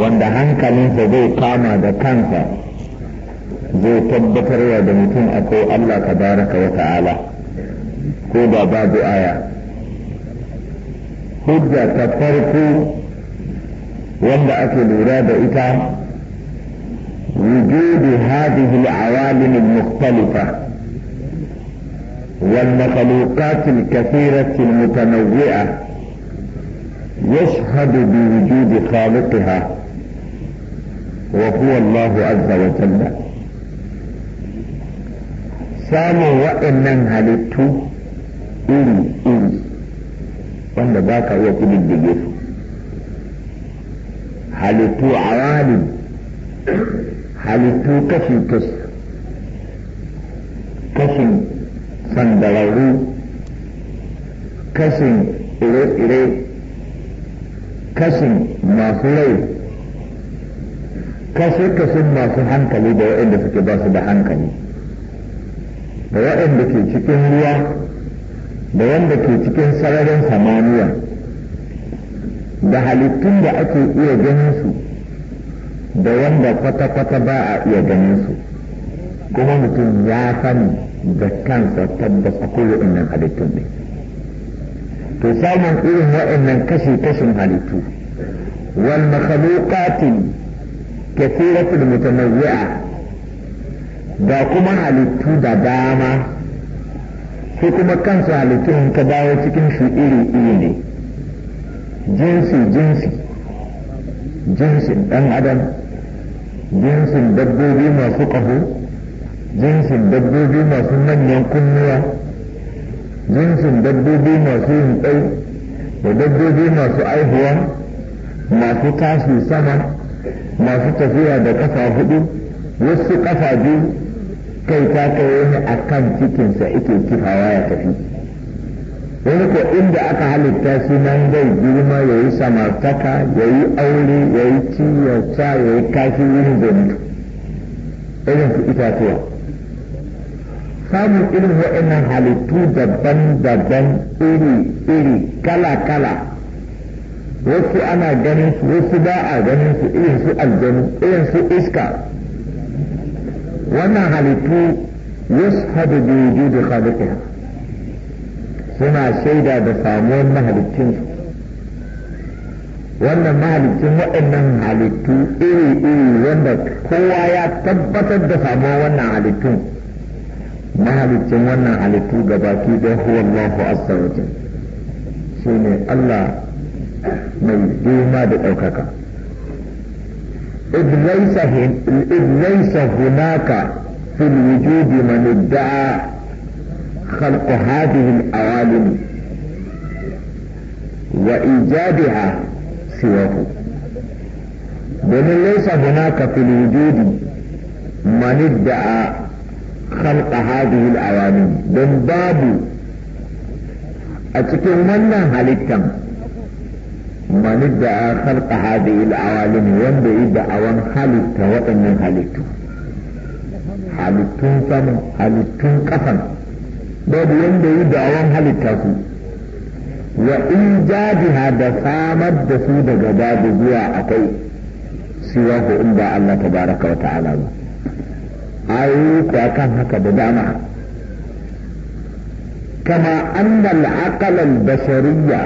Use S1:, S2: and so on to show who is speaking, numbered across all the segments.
S1: wanda hankalinsa zai kama da kansa zai tabbatarwa da mutum akwai Allah ka baraka wa ta'ala ko da babu aya hujja ta farko wanda ake lura da ita وجود هذه العوالم المختلفة والمخلوقات الكثيرة المتنوعة يشهد بوجود خالقها وهو الله عز وجل samun waɗannan halittu iri-iri wanda ba ka iya ƙididdige su halittu a wani halittu kashin kus kashin sandararru kashin ire-ire kashin masu rai kashe-kashen masu hankali da waɗanda suke ba su da hankali da waɗanda ke cikin ruwa da wanda ke cikin sararin samaniya da halittun da ake iya ganin su da wanda kwata-kwata ba a iya ganin su kuma mutum ya sani da kansa tabbas a kowaɗannan halittun ne to samun irin waɗannan kashe-kashen halittu wal makhluqatin kasiratul mutanawwi'a da kuma halittu da dama ko kuma kansu halittun ka dawo cikin su iri iri ne jinsi jinsi jinsin dan adam jinsin dabbobi masu ƙaho jinsin dabbobi masu manyan kunnuwa jinsin dabbobi masu yin da dabbobi masu aihuwa masu tashi sama masu tafiya da ƙafa hudu wasu ƙafa biyu kai ta kai wani a kan cikinsa ike kifawa ya tafi wani ko inda aka halitta shi nan zai girma ya yi samartaka ya yi aure ya yi ciyarta ya yi kashi wurin zai mutu irin su itatuwa samun irin waɗannan halittu daban-daban iri-iri kala-kala wasu ana ganin su wasu ba a ganin su irin su aljanu irin su iska wannan halittu yashhadu bi da khaliqiha suna shaida da samuwar mahalicin wannan mahalicin waɗannan halittu iri-iri wanda kowa ya tabbatar da samuwar wannan halittun mahalicin wannan halittu gabaki don huwa Allahu azza wa shi ne Allah mai girma da ɗaukaka إذ ليس هناك في الوجود من ادعى خلق هذه العوالم وإيجادها سواه بل ليس هناك في الوجود من ادعى خلق هذه العوالم بل باب أتكلمنا هلتم man idda'a khalqa hadhihi al-awalim wanda idda'awan halitta waɗannan halittu halittun sama halittun kafan babu wanda idda'awan halitta su wa ijadiha da samar da su daga babu zuwa akwai siwa ko in ba Allah tabaraka wa ta'ala ba ayoyi ko haka bashariyya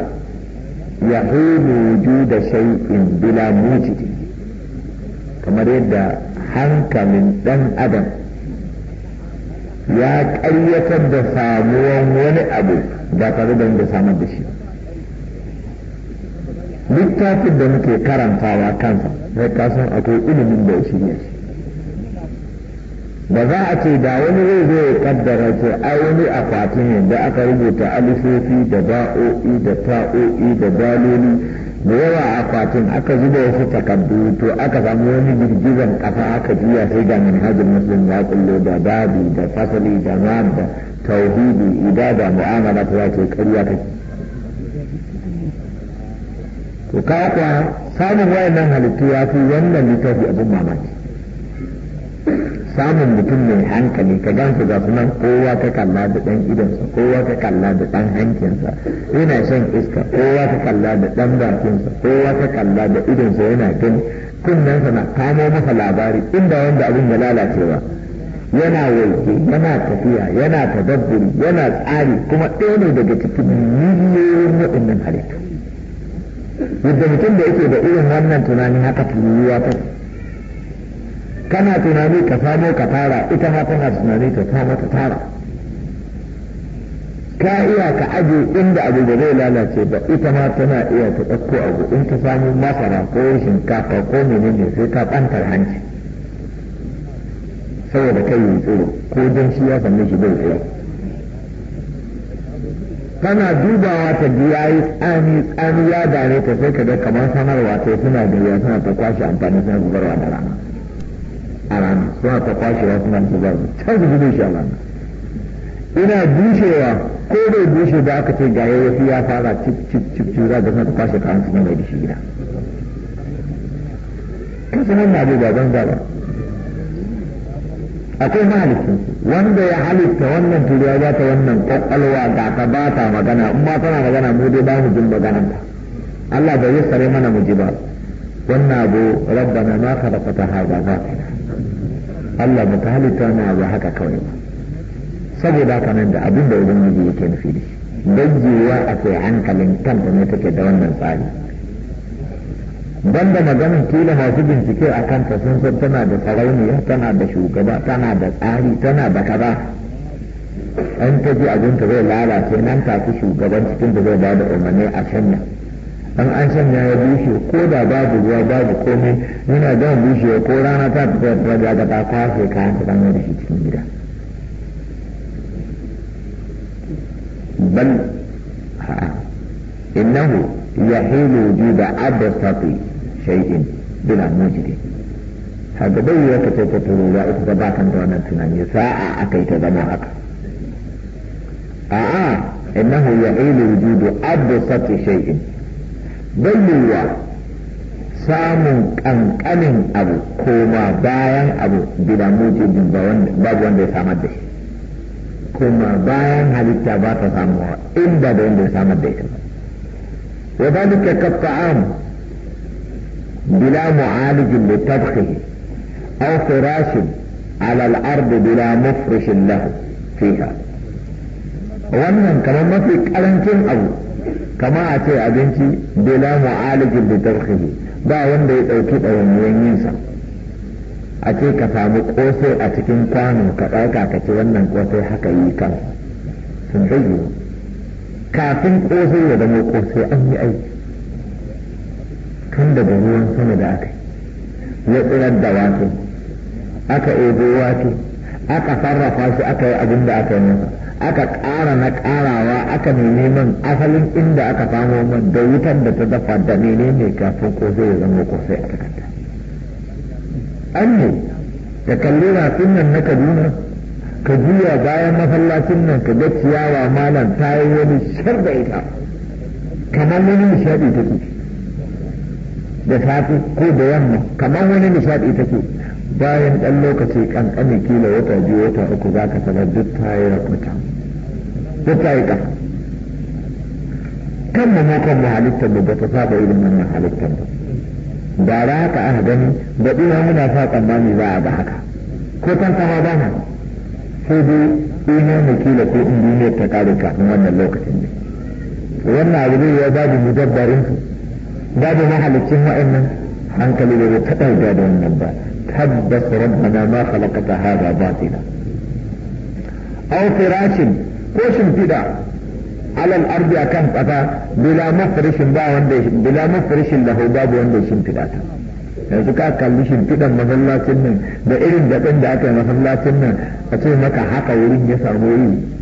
S1: يقول وجود شيء بلا موجد كما يدى حنك من دم أدم ya ƙayyatar da samuwar wani abu ba tare da wanda samar da shi littafin da muke karantawa kansa na kasan akwai ilimin da shi ba za a ce da wani zai zo ya kaddara ce a wani akwati ne da aka rubuta alifofi da ba'o'i da ta'o'i da daloli da yawa akwatin aka zuba wasu takardu to aka samu wani girgizan kasa aka jiya sai ga manhajin muslim ya kullo da babi da fasali da mab da tauhidi da mu'amala ta zace karya kake to kaka samun wayannan halittu ya fi wannan littafi abin mamaki samun mutum mai hankali ka gan su ga sunan kowa ta kalla da dan idansa kowa ta kalla da dan hankinsa yana shan iska kowa ta kalla da dan bakinsa kowa ta kalla da idansa yana gani kunnensa na kamo masa labari inda wanda abin ya lalacewa yana walke yana tafiya yana tadabburi yana tsari kuma ɗaya ne daga cikin miliyoyin waɗannan halittu yadda mutum da yake da irin wannan tunanin haka turuwa ta kana tunani ka samo ka tara ita ma tana tunani ta samo ka tara ka iya ka aje inda abu da zai lalace ba ita ma tana iya ta ɗauko abu in ta samu masara ko shinkafa ko menene sai ka ɓantar hanci saboda kai yi tsoro ko don shi ya sami shi bai tsoro tana dubawa ta biya ya yi tsami tsami ya dare ta sai ka ga kamar sanarwa ta suna da suna ta kwashe amfani suna zubarwa da rana a suna ta kwashewa suna ta zarba can su gudun shi a rana ina bushewa ko bai bushe ba aka ce ga wasu ya fara cip cip cip cip da suna ta kwashe kayan suna mai da shi gida kan na dai gaban banza akwai mahalicin wanda ya halitta wannan turiya za ta wannan kwakwalwa ga ta ba ta magana in ma tana magana mu dai ba mu jin magananta Allah bai yi sare mana mu ji ba wannan abu rabba na rabbana ma khalaqta ta batina Allah ta halitta na ba haka kawai ba saboda haka nan da abin da ubangiji yake nufi da shi a kai hankalin kanta ne take da wannan tsari banda maganin kila masu bincike a kanta sun san tana da sarauniya tana da shugaba tana da tsari tana da kaza an ta ji abin ta zai lalace nan take shugaban cikin da zai bada umarni a canya an an sanya ya bushe ko da babu ruwa babu komai yana da bushe ko rana ta fita ta ga ga ta kwashe kayan ta dama da shi cikin gida bal innahu yahilu da absati shay'in bila mujidi haka bai ya kace ta turo ya ita da bakan da wannan tunani sa'a akai ta zama haka a'a innahu yahilu da absati shay'in bai yiwuwa samun ƙanƙanin abu koma bayan abu bila mujibin babu wanda ya samar da shi kuma bayan halitta ba ta samuwa inda da wanda ya samar da ita wa zalika kafa'an bila mu'alijin da tabkhihi aw firashin ala al-ard bila mufrishin lahu fiha wannan kamar mafi karancin abu kama a ce abinci bila mu'alijin da darkihi ba wanda ya ɗauki yin yinsa a ce ka samu ƙosai a cikin kwano ka ɗauka ka ci wannan ƙosai haka yi kan sun zai kafin ƙosai ya zama ƙosai an yi aiki tun daga ruwan sama da aka ya tsirar da wato aka ebo wato aka sarrafa shi aka yi abin da aka yi masa aka ƙara na ƙarawa aka nemi man asalin inda aka samo man da wutar da ta dafa da ne kafin ko zai zama ko sai a takarda an ne da kalli rafin nan na kaduna ka juya bayan masallacin nan ka ga ciyawa malam ta yi wani shar da ita kamar wani nishadi ce da safe ko da yamma kamar wani nishadi ce bayan ɗan lokaci ƙanƙanin kila wata biyu wata uku za ka sanar duk ta yi rakuta duk ta yi ƙasa kan mu mu kan mu halitta mu ba ta saba irin wannan halitta ba da ra haka aka gani da ina muna sa tsammani za a ga haka ko kan sama ba na sai dai ina mu kila ko in duniyar ta kare kafin wannan lokacin ne wannan abu ne ya babu mudabbarin su babu mahalicin wa'annan hankali da ta ɗauka da wannan ba tabbas rabbana ma khalaqata hada batila aw firashin ko shimfiɗa alal ardi akan kasa bila mafrishin ba wanda bila babu wanda shin fidata yanzu ka kalli shimfiɗan masallacin nan da irin daɗin da aka yi masallacin nan a ce maka haka wurin ya samu yi.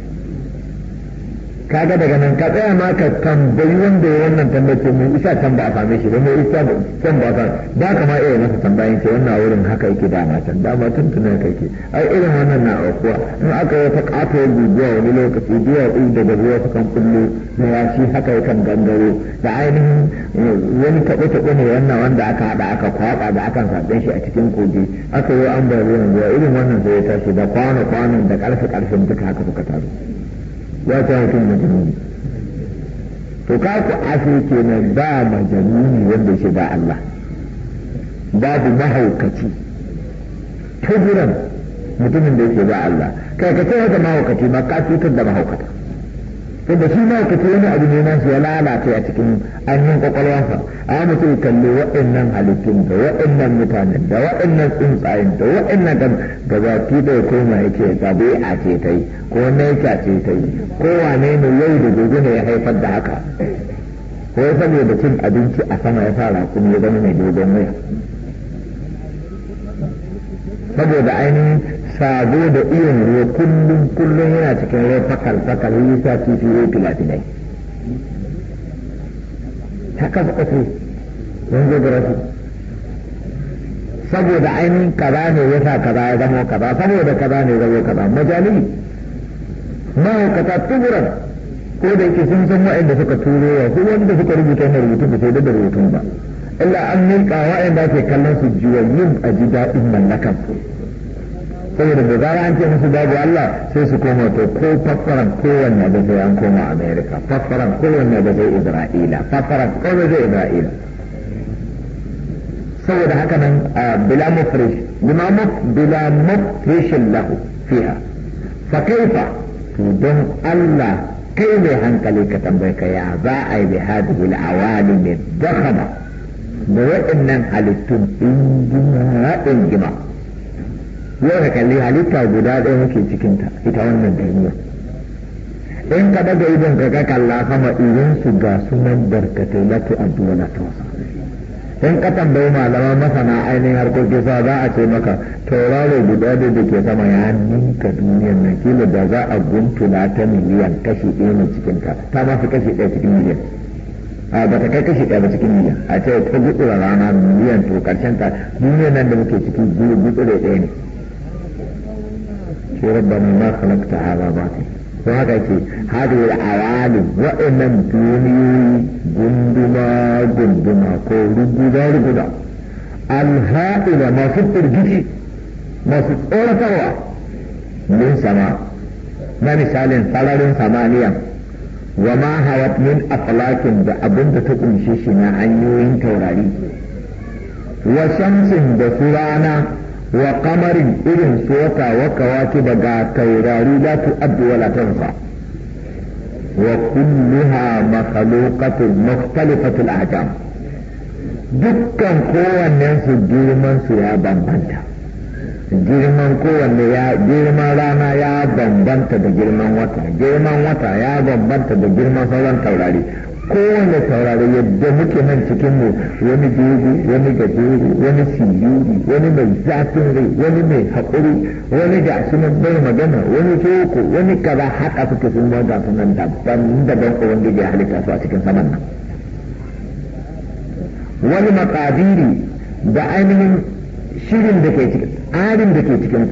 S1: kaga daga nan ka tsaya ma ka tambayi wanda ya wannan tambaye mu isa can ba a same shi ba mai isa can ba a ba ka ma iya masa tambayin ce wannan wurin haka yake dama can dama tun tun haka yake ai irin wannan na aukuwa in aka yi wata kato guguwa wani lokaci biya ɗin daga ruwa su kan kullu na yashi haka yakan gangaro da ainihin eh, wani taɓe-taɓe ne wannan wanda aka haɗa aka kwaɓa da akan saɓe shi a cikin kogi aka yi an bar ruwan ruwa irin wannan sai ya tashi da kwano-kwanon da ƙarfe ƙarfe duka haka suka taru. ya ta kan majanuni to ka ku ashe kenan ba majanuni wanda shi ba Allah babu mahaukaci tuzuran mutumin da yake ba Allah kai ka ce haka mahaukaci ma ka cutar da mahaukata to da shi ma ka wani abu ne shi ya lalace a cikin ainihin kwakwalwarsa a mutum kalli waɗannan halittun da waɗannan mutanen da waɗannan tsuntsayen da waɗannan da da ki da koma yake a ce ta yi ko a ce ta yi ko wane ne yau da gobe ne ya haifar da haka ko ya da cin abinci a sama ya fara kuma ya zama mai dogon waya saboda ainihin sabo da iyon ruwa kullum kullum yana cikin ruwa fakal fakal yi sa kifi ruwa filafinai haka suka ce yanzu gurafi saboda ainihin kaza ne ya sa kaza ya zama kaza saboda kaza ne zama kaza majali mahaukata tuburan ko da yake sun san da suka turo wa su wanda suka rubuta wannan rubutun da sai da rubutun ba illa an milka da ke kallon su juwayyun a ji daɗin mallakan saboda da zara an ce musu babu Allah sai su koma to ko fassaran kowanne da sai an koma Amerika fassaran kowanne da sai Isra'ila fassaran kowanne da Isra'ila saboda haka nan bila mufrish bila bila mufrishin lahu fiha fa kaifa to don Allah kai mai hankali ka tambaye ka ya za a yi bi hadhihi al-awalim ad-dakhama da waɗannan halittun ingima ingima yau ka kalli halitta guda ɗaya muke cikinta ita wannan duniya in ka daga idon ka ga kalla sama idan su ga sunan barkatai lati addu'a na tausa in ka tambayi malama masana ainihin harkokin sa za a ce maka tauraro guda da da ke sama ya ninka duniyar nan kila da za a guntula ta miliyan kashi ɗaya ne cikinta ta ma fi kashi ɗaya cikin miliyan a ba ta kai kashi ɗaya ba cikin miliyan a ce ta gutsura rana miliyan to karshen ta duniyar nan da muke ciki gutsura ɗaya ne ce rabbana ma khalaqta hadha batil ko haka ce hadhihi al-awali innam tuni gunduma gunduma ko ruguda ruguda al-ha'ila masu ma masu tsoratarwa min sama na misalin sararin samaniya wa ma hawat min aflakin da abinda ta kunshe shi na hanyoyin taurari wa shamsin da su rana wa kamarin irin su wata wa kawaki daga taurari su abu wala tansa wa kulluha makhluqatun a ahkam dukkan kowannen su girman su ya bambanta girman kowanne ya girman rana ya bambanta da girman wata girman wata ya bambanta da girman sauran taurari kowane taurari yadda muke nan cikin mu wani dogo wani gajeri wani siyuri wani mai zafin rai wani mai haƙuri wani da sunan bai magana wani soko wani kaza haka suke sun ma ga sunan daban daban ko wanda ya halitta su a cikin saman nan wani makadiri da ainihin shirin da ke cikin tsarin da ke cikin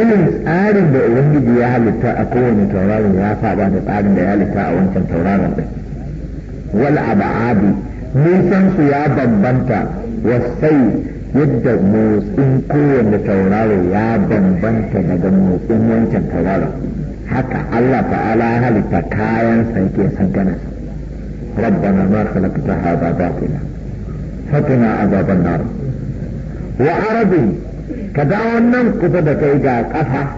S1: irin tsarin da ubangiji ya halitta a kowane tauraron ya saba da tsarin da ya halitta a wancan tauraron ɗin wal abu nisan su ya bambanta wasai yadda motsin kowane tauraro ya bambanta daga motsin wancan tauraron haka Allah ta'ala ya halitta kayan sa yake san gana ربنا ما خلقت هذا باطلا فقنا عذاب النار وعربي ka ga nan kusa da kai ga ƙasa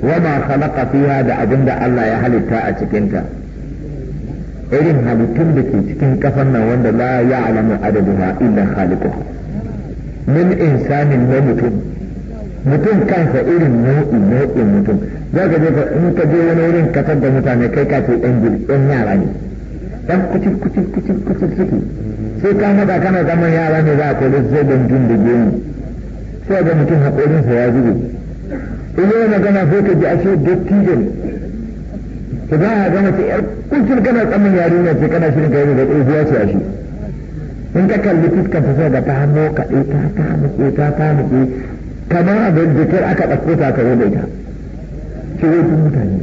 S1: wa ma khalaqa fiha da abin da Allah ya halitta a cikinta irin halittun da ke cikin kafan nan wanda la ya'lamu adaduha illa khaliquha min insanin na mutum mutum kansa irin nau'in nau'in mutum za ka je in ka je wani wurin ka da mutane kai ka ce ɗan yara ne ɗan kucin kucin kucin kucin suke sai ka haɗa kana zaman yara ne za a koli zai don jin da gemu sai ga mutum haƙorinsa ya zube in yana magana sai ka ji ashe dattijan ka za a gama ce yar kuncin kana tsamin yarinya ce kana shirin ka yi da zuwa ce shi in ka kalli fuskan ta sai ga ta hannu kaɗe ta ta muke ta ta muke kamar abin jikin aka ɗauko ta ka zo da ita ce wai mutane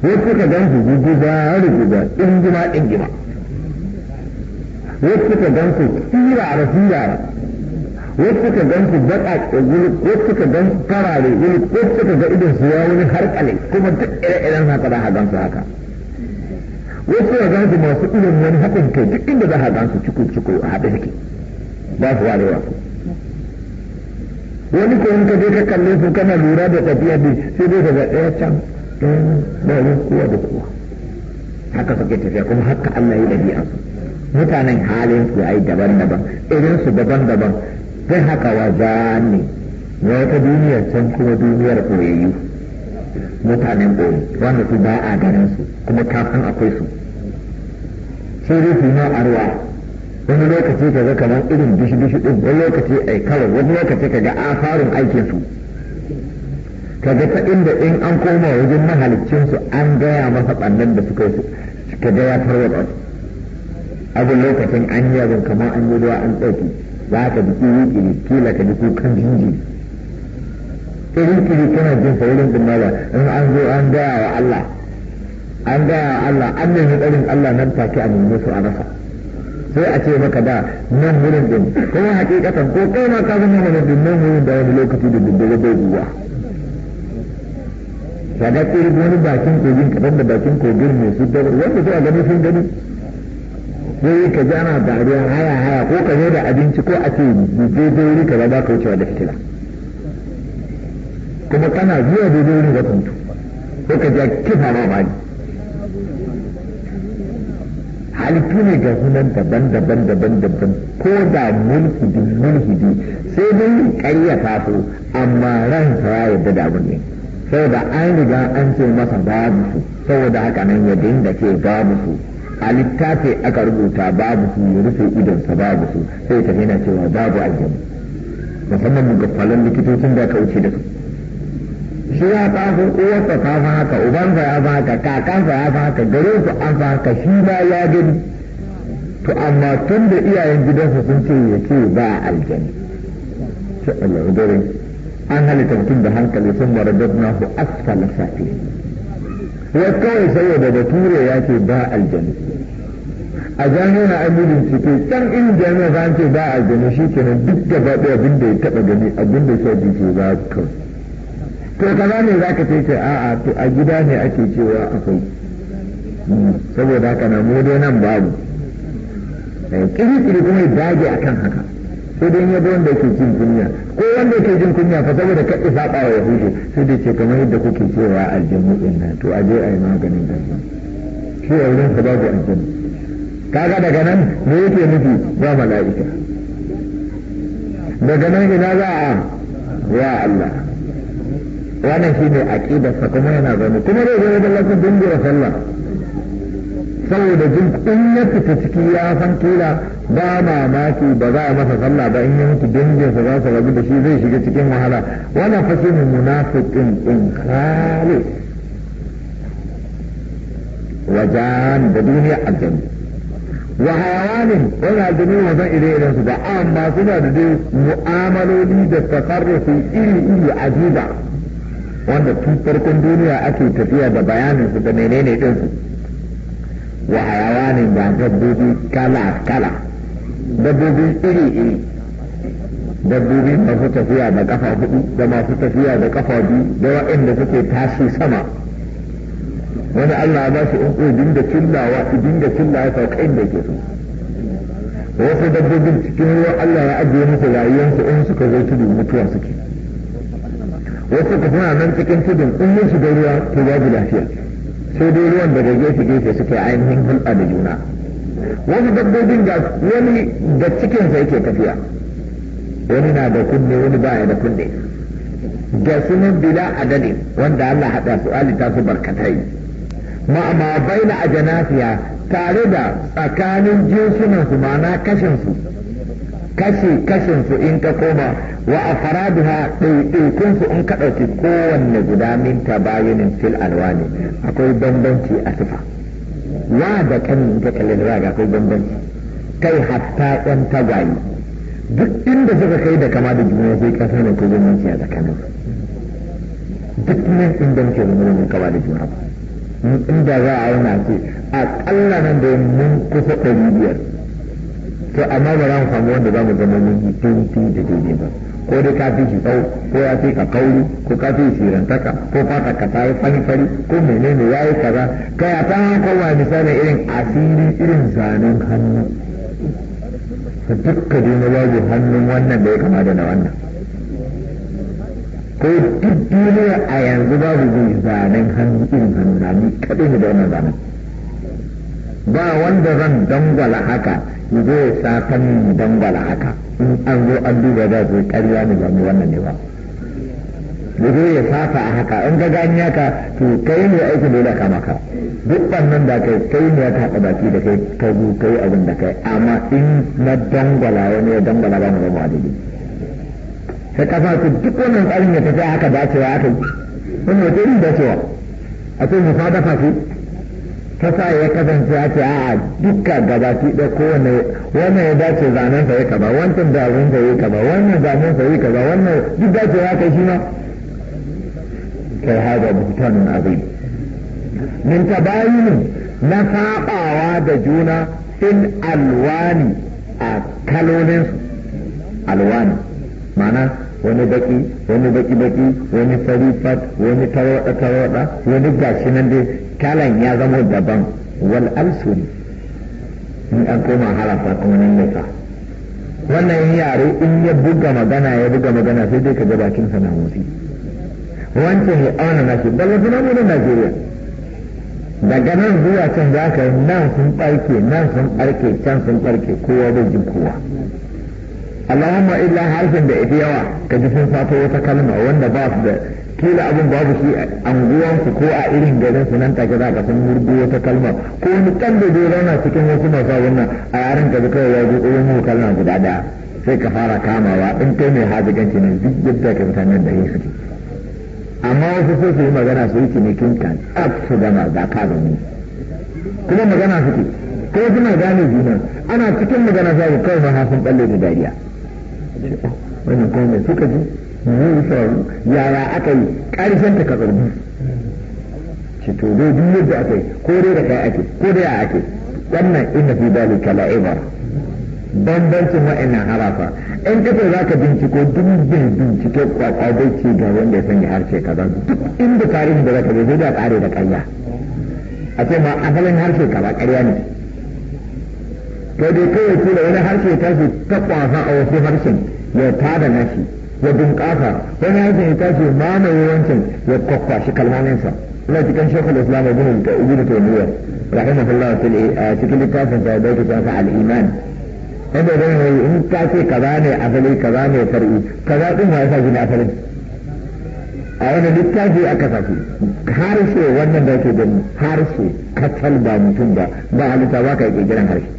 S1: wai kuka gan su guguza ruguza ɗingima ɗingima wai kuka gan su tsira da tsira wasu ka gan su baka tsugulu wasu ka gan farare wani wasu ka ga idon su ya har harkale kuma duk ire-iren haka za a gan su haka wasu ka gan su masu irin wani hakan kai duk inda za a gan su ciku-ciku a haɗe suke ba su ware wasu wani ko in ka je ka kalle su kana lura da tafiya bi sai dai daga ɗaya can ɗaya ba wani kowa da kowa haka suke tafiya kuma haka Allah ya ɗabi'a su mutanen halin su ai daban-daban irin su daban-daban sai haka wa ne na wata duniyar can kuma duniyar koyayyu mutanen koyi wanda su ba a ganin su kuma kafin akwai su sai dai su na arwa wani lokaci ka zaka nan irin dishi dishi din wani lokaci ai kawai wani lokaci ka ga asarin aikin su ka ga ta inda in an koma wajen mahalicin su an gaya masa bannan da suka suka gaya ya tarwata abin lokacin an yi abin kamar an yi ruwa an ɗauki za ka ji kiri kila ka ji kukan jinjiri irin kiri kana jin saurin din ba in an zo an gaya wa Allah an gaya wa Allah an nemi tsarin Allah nan take a nemi su a rasa sai a ce maka da nan wurin din kuma hakikatan ko kai ma ka zama mana din nan wurin da wani lokaci da daddare bai zuwa kaga irin wani bakin kogin kadan da bakin kogin mai su da wanda sai a gani sun gani sai ka jana dariya haya haya ko ka zo da abinci ko a ce daidai wuri ka ba ka wucewa da fitila kuma kana zuwa daidai wuri ka kuntu ko ka ja kifa ma bani halittu ne ga sunan daban daban daban daban ko da mulki din mulki din sai dai ƙarya ta so amma ran ta ya yarda da abin ne saboda an riga an ce masa babu su saboda haka nan ya dinga ce babu su a littafi aka rubuta babu su ya rufe idonsa babu su sai ta yana cewa babu aljanu musamman ga kwallon likitocin da ka wuce da su shi ya taso uwarsa ta fa haka ubansa ya fa haka kakansa ya fa haka garin su an fa haka shi ma ya gani to amma tun da iyayen gidansa sun ce ya ce ba aljanu shi Allah dare an halitta mutum da hankali sun mara na ku asfala safi wai kawai saboda da ture ya ce ba aljanu. a na an yi bincike can in jami'a ba ce ba a gani shi kenan duk gaba ɗaya abin da ya taɓa gani abin da ya bincike ba kawai to kaza ne za ka ce a'a to a gida ne ake cewa akwai hmm, saboda haka na mu dai nan babu eh, kiri-kiri kuma ya dage akan haka sai dai yabo wanda yake jin kunya ko wanda yake jin kunya fa saboda kaɗi saɓa wa yahudu sai dai ce kamar yadda kuke cewa aljanu ɗin nan to a je a yi maganin da shi a wurin ka babu aljanu kaga daga nan me yake nufi ba mala'ika daga nan ina za a ya Allah wannan shine aqidarsa kuma yana zama kuma zai zama da lafiya dindira sallah saboda jin in ya fita ciki ya san kila ba mamaki ba za a masa sallah ba in ya mutu danginsa za su rabu da shi zai shiga cikin wahala wannan fa ne munafiqin in khali wajen da duniya aljanna wa hayawanin yana ganin wasan ire iren su ba amma suna da dai mu'amaloli da tafarrufi iri iri a ajiba wanda tun farkon duniya ake tafiya da bayanin su da menene din su wa hayawanin da dabbobi kala kala dabbobi iri iri dabbobi masu tafiya da kafa hudu da masu tafiya da kafa biyu da waɗanda suke tashi sama wani Allah ba su in dinga cillawa su dinga cillawa ta kai da ke so wasu dabbobin cikin ruwa Allah ya ajiye musu rayuwarsu in suka zo tudu mutuwa suke wasu ka suna nan cikin tudun in mun shiga ruwa to babu lafiya sai dai ruwan daga gefe gefe suke ainihin hulɗa da juna wasu dabbobin ga wani da cikinsa yake tafiya wani na da kunne wani ba ya da kunne ga sunan bila adadin wanda Allah haɗa su alita su barkatai ma'ama baina a janafiya tare da tsakanin jinsunan ma'ana kashinsu su kashe kashin in ka koma wa a afraduha ɗaiɗaikun su in ka ɗauki kowanne guda minta bayanin fil alwani akwai bambanci a sifa wa da kan ta kallon raga akwai bambanci kai hatta ɗan tagayi duk inda suka kai da kama da juna zai kasa ne ko bambanci a tsakanin duk nan inda muke zama kama da juna ba inda za a yi na a kalla nan da mun kusa ɗari biyar to amma ba za mu samu wanda za mu zama mun yi tuntu da daidai ba ko dai ka fi shi tsawo ko ya fi ka kauri ko ka fi rantaka ko fata ka ta yi fari ko menene ya yi kaza ka ya ta kowa misali irin asiri irin zanen hannu dukkan dina na hannun wannan da ya kama da na wannan ko duk duniya a yanzu ba babu zai zanen hannu irin hannu na ni kaɗai ne da wannan zanen ba wanda zan dangwala haka ya zo ya saka min dangwala haka in an zo an duba da zai karya ne ba mai wannan ne ba ya zo ya saka a haka in ka gani haka to kai ne aikin dole ka maka duk wannan da kai kai ne ya taɓa baki da kai ka zo kai abin da kai amma in na dangwala wani ya dangwala ba mu zama a daidai sai ka su duk wannan tsarin ya tafiya haka dacewa haka yi wani wace irin dacewa a akwai musadafa ce ta sa ya kasance ya ce a duka gabaki da kowane wannan ya dace zanen sa ya kaba wancan damun sa ya kaba wannan zanen sa ya kaba wannan duk dacewa ya kai shi ma kai hada butan abin min ta bayi min na saɓawa da juna in alwani a kalolin alwani ma'ana wani baki wani baki baki wani fari fat wani tarwada tarwada wani gashi nan dai kalan ya zama daban wal alsun in an koma harafa kuma nan ne wannan wannan yare in ya buga magana ya buga magana sai dai ka ga bakin sa na motsi wancan ya auna na shi da wasu namunan Najeriya daga nan zuwa can za ka nan sun barke nan sun barke can sun barke kowa bai jin kowa Allahumma illa harfin da ita yawa ka ji sun sato wata kalma wanda ba su da kila abin ba babu shi anguwansu ko a irin garin su nan take za ka san murdu wata kalma ko wani kan da zai zauna cikin wasu masu wannan a yaren ka kawai ya zo irin mu kalma guda daya sai ka fara kamawa in kai mai haziganci ne duk yadda ka mutanen da yin suke amma wasu sai su yi magana su yi cinikin ka tsaf su gama za ka gani kuma magana suke ko kuma gane juna ana cikin magana za ku kawai ma sun balle da dariya wannan kuma mai suka ji yi faru yaya aka yi ƙarshen ta ka zargi ce to dai duk yadda aka yi ko dai da kai ake ko dai a ake wannan inna fi dalika la'ibar bambancin wa'annan harafa in kace za ka binciko duk bai bincike kwakwadai ce ga wanda ya sanya harshe kaza duk inda tarihin da za ka zai zai da ƙare da ƙarya a ce ma asalin harshe kaza karya ne to dai kawai kula wani harshe ta su ta kwafa a wasu harshen ya tada nashi ya bunƙasa wani hakan ya tashi mamaye wancan ya kwakwashi kalmaninsa ina cikin shekul islam ibn ibn taymiyyah rahimahullah a cikin littafin sa da yake tsansa al-iman wanda zan yi in ta ce kaza ne asali kaza ne far'i kaza din ma yasa gina asalin a wani littafi aka sashi harshe wannan da yake gani harshe kacal ba mutum ba ba halitta ba ka yi kirkiran harshe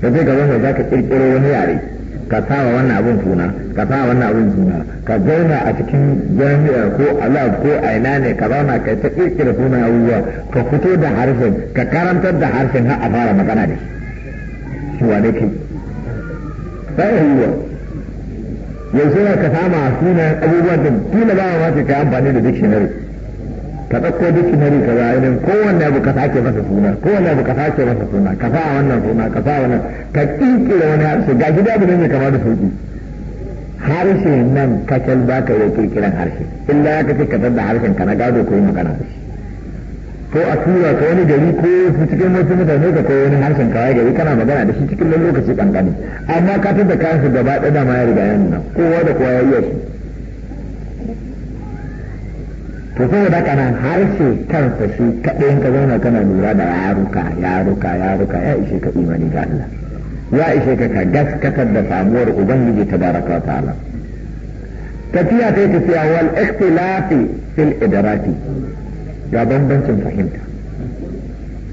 S1: da zai gaban za ka kirkiro wani yare ka sawa wannan abin suna ka sawa wannan abin suna ka zauna a cikin jami'a ko alab ko aina ne ka zauna ka ta kirkira sunan abubuwa ka fito da harshen ka karantar da harshen har a fara magana da shi wane ke sai yiwa yanzu ka sama sunan abubuwan da tuna ba ma ka amfani da dictionary ka ɗauko dictionary ka za irin kowanne abu ka sake masa suna kowanne abu ka sake masa suna ka sa wannan suna ka sa wannan ka kinkira wani harshe ga gida da ne kama da sauki harshe nan kacal ba ka yi kirkiran harshe illa ya kace ka da harshen ka na gado ko magana da shi ko a tura ka wani gari ko cikin wasu mutane ka koyi wani harshen ka gari kana magana da shi cikin lokaci kankani amma ka tada kayan su gaba ɗaya ma ya riga yan nan kowa da kowa ya iya shi to saboda kana harshe kansa shi kaɗai ka zauna kana lura da yaruka yaruka yaruka ya ishe ka imani ga Allah ya ishe ka ka gaskatar da samuwar ubangiji tabaraka ta ta'ala tafiya ta tafiya wal ikhtilafi fil idraki ga bambancin fahimta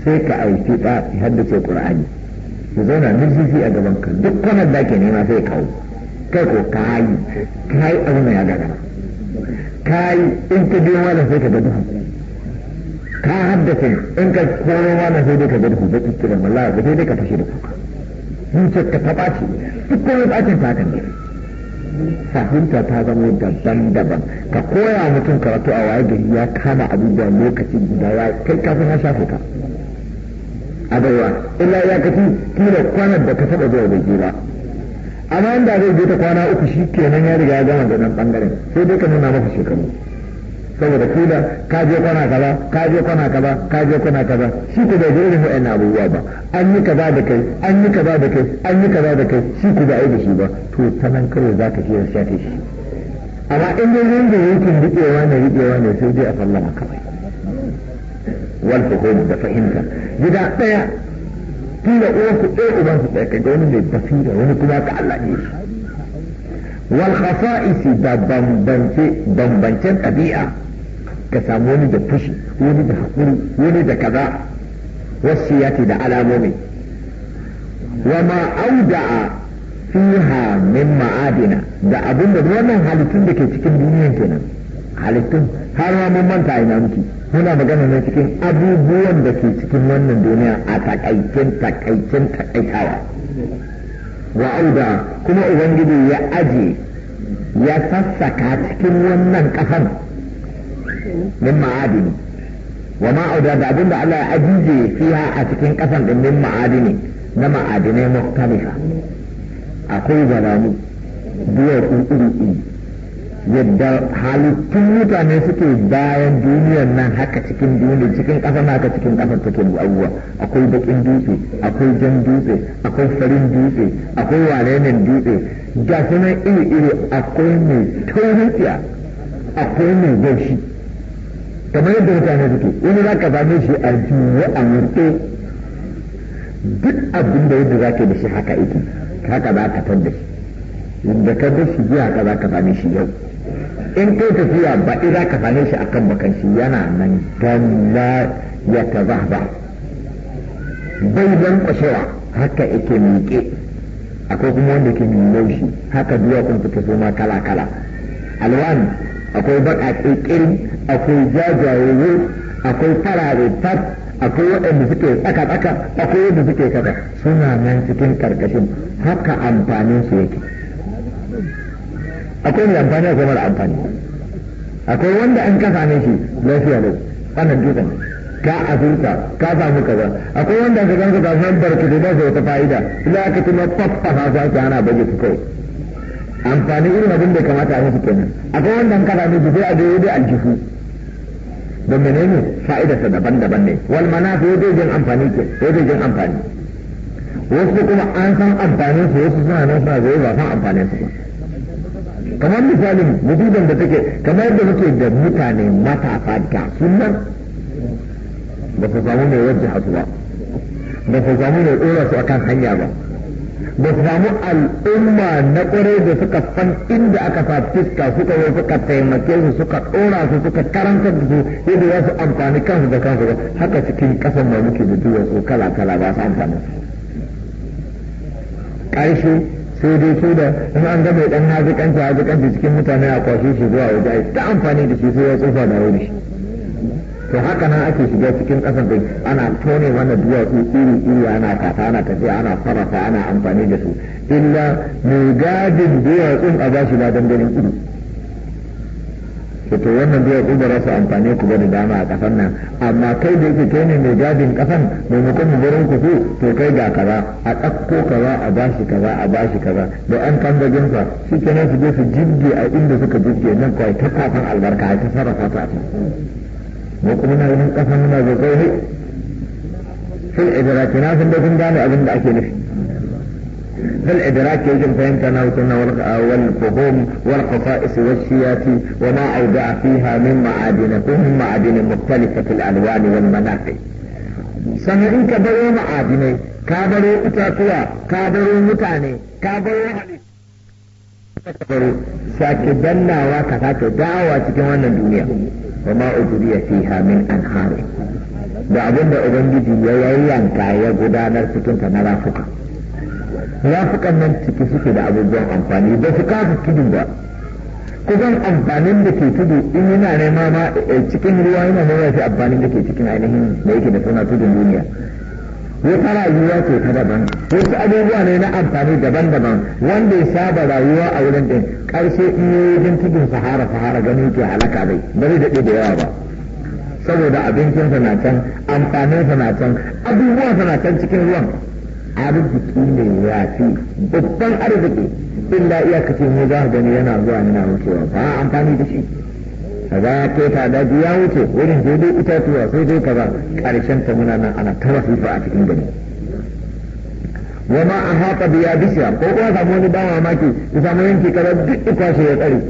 S1: sai ka aiki haddace qur'ani ya zauna mirzizi a gaban ka duk kwanar da ke nema sai kawo kai ko ka hayi ka abin ya gagara ka yi in ka biyo malam sai ka ga duhu ka haddace in ka koro malam sai dai ka ga duhu baki kiran wallahi ba sai dai ka fashe da kuka zuciyar ka ta ce duk komai ɓacin ta kan fahimta ta zama daban-daban ka koya mutum karatu a waye gari ya kama abubuwa lokaci guda ya kai kafin ya shafe ka a baiwa illa ya kaci kila kwanar da ka taɓa zuwa bai je amma inda zai je ta kwana uku shi kenan ya riga ya gama da nan bangaren sai dai ka nuna mafi shekaru saboda kila ka je kwana kaza ka je kwana kaza ka je kwana kaza shi ku bai jirgin irin na abubuwa ba an yi kaza da kai an yi kaza da kai an yi kaza da kai shi ku bai aiki shi ba to ta nan kawai za ka ke ya shafe shi amma in dai yin da yankin riƙewa ne riƙewa ne sai dai a sallama kawai wal fuhum da fahimta gida ɗaya kila uwansu ɗaya ubansu ɗaya kaga wani mai basira wani kuma ka Allah ne wal khasa'isi da bambance bambancen ɗabi'a ka samu wani da fushi wani da haƙuri wani da kaza wasiyati da alamomi wa ma auda'a fiha min ma'adina da abinda wannan halittun da ke cikin duniyan kenan halittun har ma mun manta ina muke muna magana ne cikin abubuwan da ke cikin wannan duniya a takaicin takaicin takaitawa wa auda kuma ubangiji ya aje ya sassaka cikin wannan kafan min ma'adini wa ma'auda da abin da Allah ya ajije fiha a cikin kafan din min ma'adini na ma'adinai muktalifa akwai zalamu duwatsu iri iri yadda halittun mutane suke bayan duniyar nan haka cikin duniya cikin ƙasa na haka cikin ƙasar take abubuwa akwai bakin dutse akwai jan dutse akwai farin dutse akwai walenin dutse ga nan iri-iri akwai mai tauriya akwai mai gaushi kamar yadda mutane suke wani za ka same shi a juwa a murɗe duk abin da yadda za ka da shi haka yake haka za ka tar da shi yadda ka da shi jiya haka za ka same shi yau in kai tafiya ba za ka same shi a kan shi yana nan don ya ta zahba bai don kwashewa haka yake miƙe akwai kuma wanda ke miƙe shi haka kun fita so ma kala kala alwan akwai baka ƙirƙirin akwai jajaye akwai farare fat akwai waɗanda suke tsaka-tsaka akwai wanda suke kaka suna nan cikin karkashin haka amfanin su yake akwai mai amfani akwai mara amfani akwai wanda an kasa ne shi lafiya ne wannan dutsen ka azurta ka samu kaza akwai wanda ka ganka ga san barki da su wata fa'ida ila aka kuma ha za ka ana baje su kai amfani irin abin da kamata a musu kenan akwai wanda an kasa ne su sai a je dai aljihu don menene fa'idarsa daban-daban ne wal manafi wajen jin amfani ke wajen jin amfani wasu kuma an san amfanin su wasu suna nan suna zai ba san amfanin su ba kamar misalin mutudan da take kamar yadda muke da mutane matasa ga sunan ba su samu mai wajen hasu ba ba su samu mai ɗora su akan hanya ba ba su samu al'umma na ƙwarai da suka san inda aka sa fiska suka yi suka taimake su suka ɗora su suka karanta da su yadda za su amfani kansu da kansu ba haka cikin ƙasan da muke da duwatsu kala kala ba su amfani ƙarshe sai dai su da in an gama dan hazikanci hazikanci cikin mutane a kwashe shi zuwa waje a ta amfani da shi sai ya tsufa da wuri to haka nan ake shiga cikin kasan da ana tone wannan duwatsu iri iri ana kasa ana tafiya ana sarrafa ana amfani da su illa mai gadin duwatsun a ba shi ba dangane iri to to wannan biya ku ba za su amfane ku ba da dama a kasan nan amma kai da yake kai ne mai gadin kasan maimakon mu barin ku to kai ga kaza a ɗauko kaza a bashi kaza a bashi kaza da an da ginsa shi nan su je su jirge a inda suka jirge nan kawai ta kafin albarka ta sarrafa ta mu kuma na ganin kasan muna zai kai idan idraki na sun da sun gane abin da ake nufi فالإدراك يجب فهمت أنه سنة والفهوم والخصائص والشيات وما أودع فيها من معادن فهم معادن مختلفة الألوان والمناطق sannan in ka baro ma'adinai ka baro itatuwa ka baro mutane ka baro ka baro sake dannawa ka sake dawa cikin wannan duniya wa ma ujriya fiha min anhari da abin da ubangiji ya yayyanka ya gudanar cikin ta na rafuka rafukan nan ciki suke da abubuwan amfani ba su kasa tudu ba kusan amfanin da ke tudu in yana nema ma eh, cikin ruwa yana nema shi amfanin da ke cikin ainihin da yake da suna tudun duniya wata rayuwa ce ta daban wasu abubuwa ne na amfani daban-daban wanda ya saba rayuwa a wurin din karshe in yi wajen tudun sahara sahara ganin ke halaka bai ba zai daɗe da yawa ba saboda abincinsa na can amfaninsa na can abubuwansa na can cikin ruwan arziki ne ya fi babban arziki illa iyakacin ne za gani yana zuwa yana wucewa ba amfani da shi ga ko ta da ya wuce wurin sai dai itatuwa sai dai kaza karshen ta muna nan ana ta ba a cikin gani wa ma a haka biya bishiya ko kuma samu wani ba maki ya samu yanki kaza duk ita shi ya tsare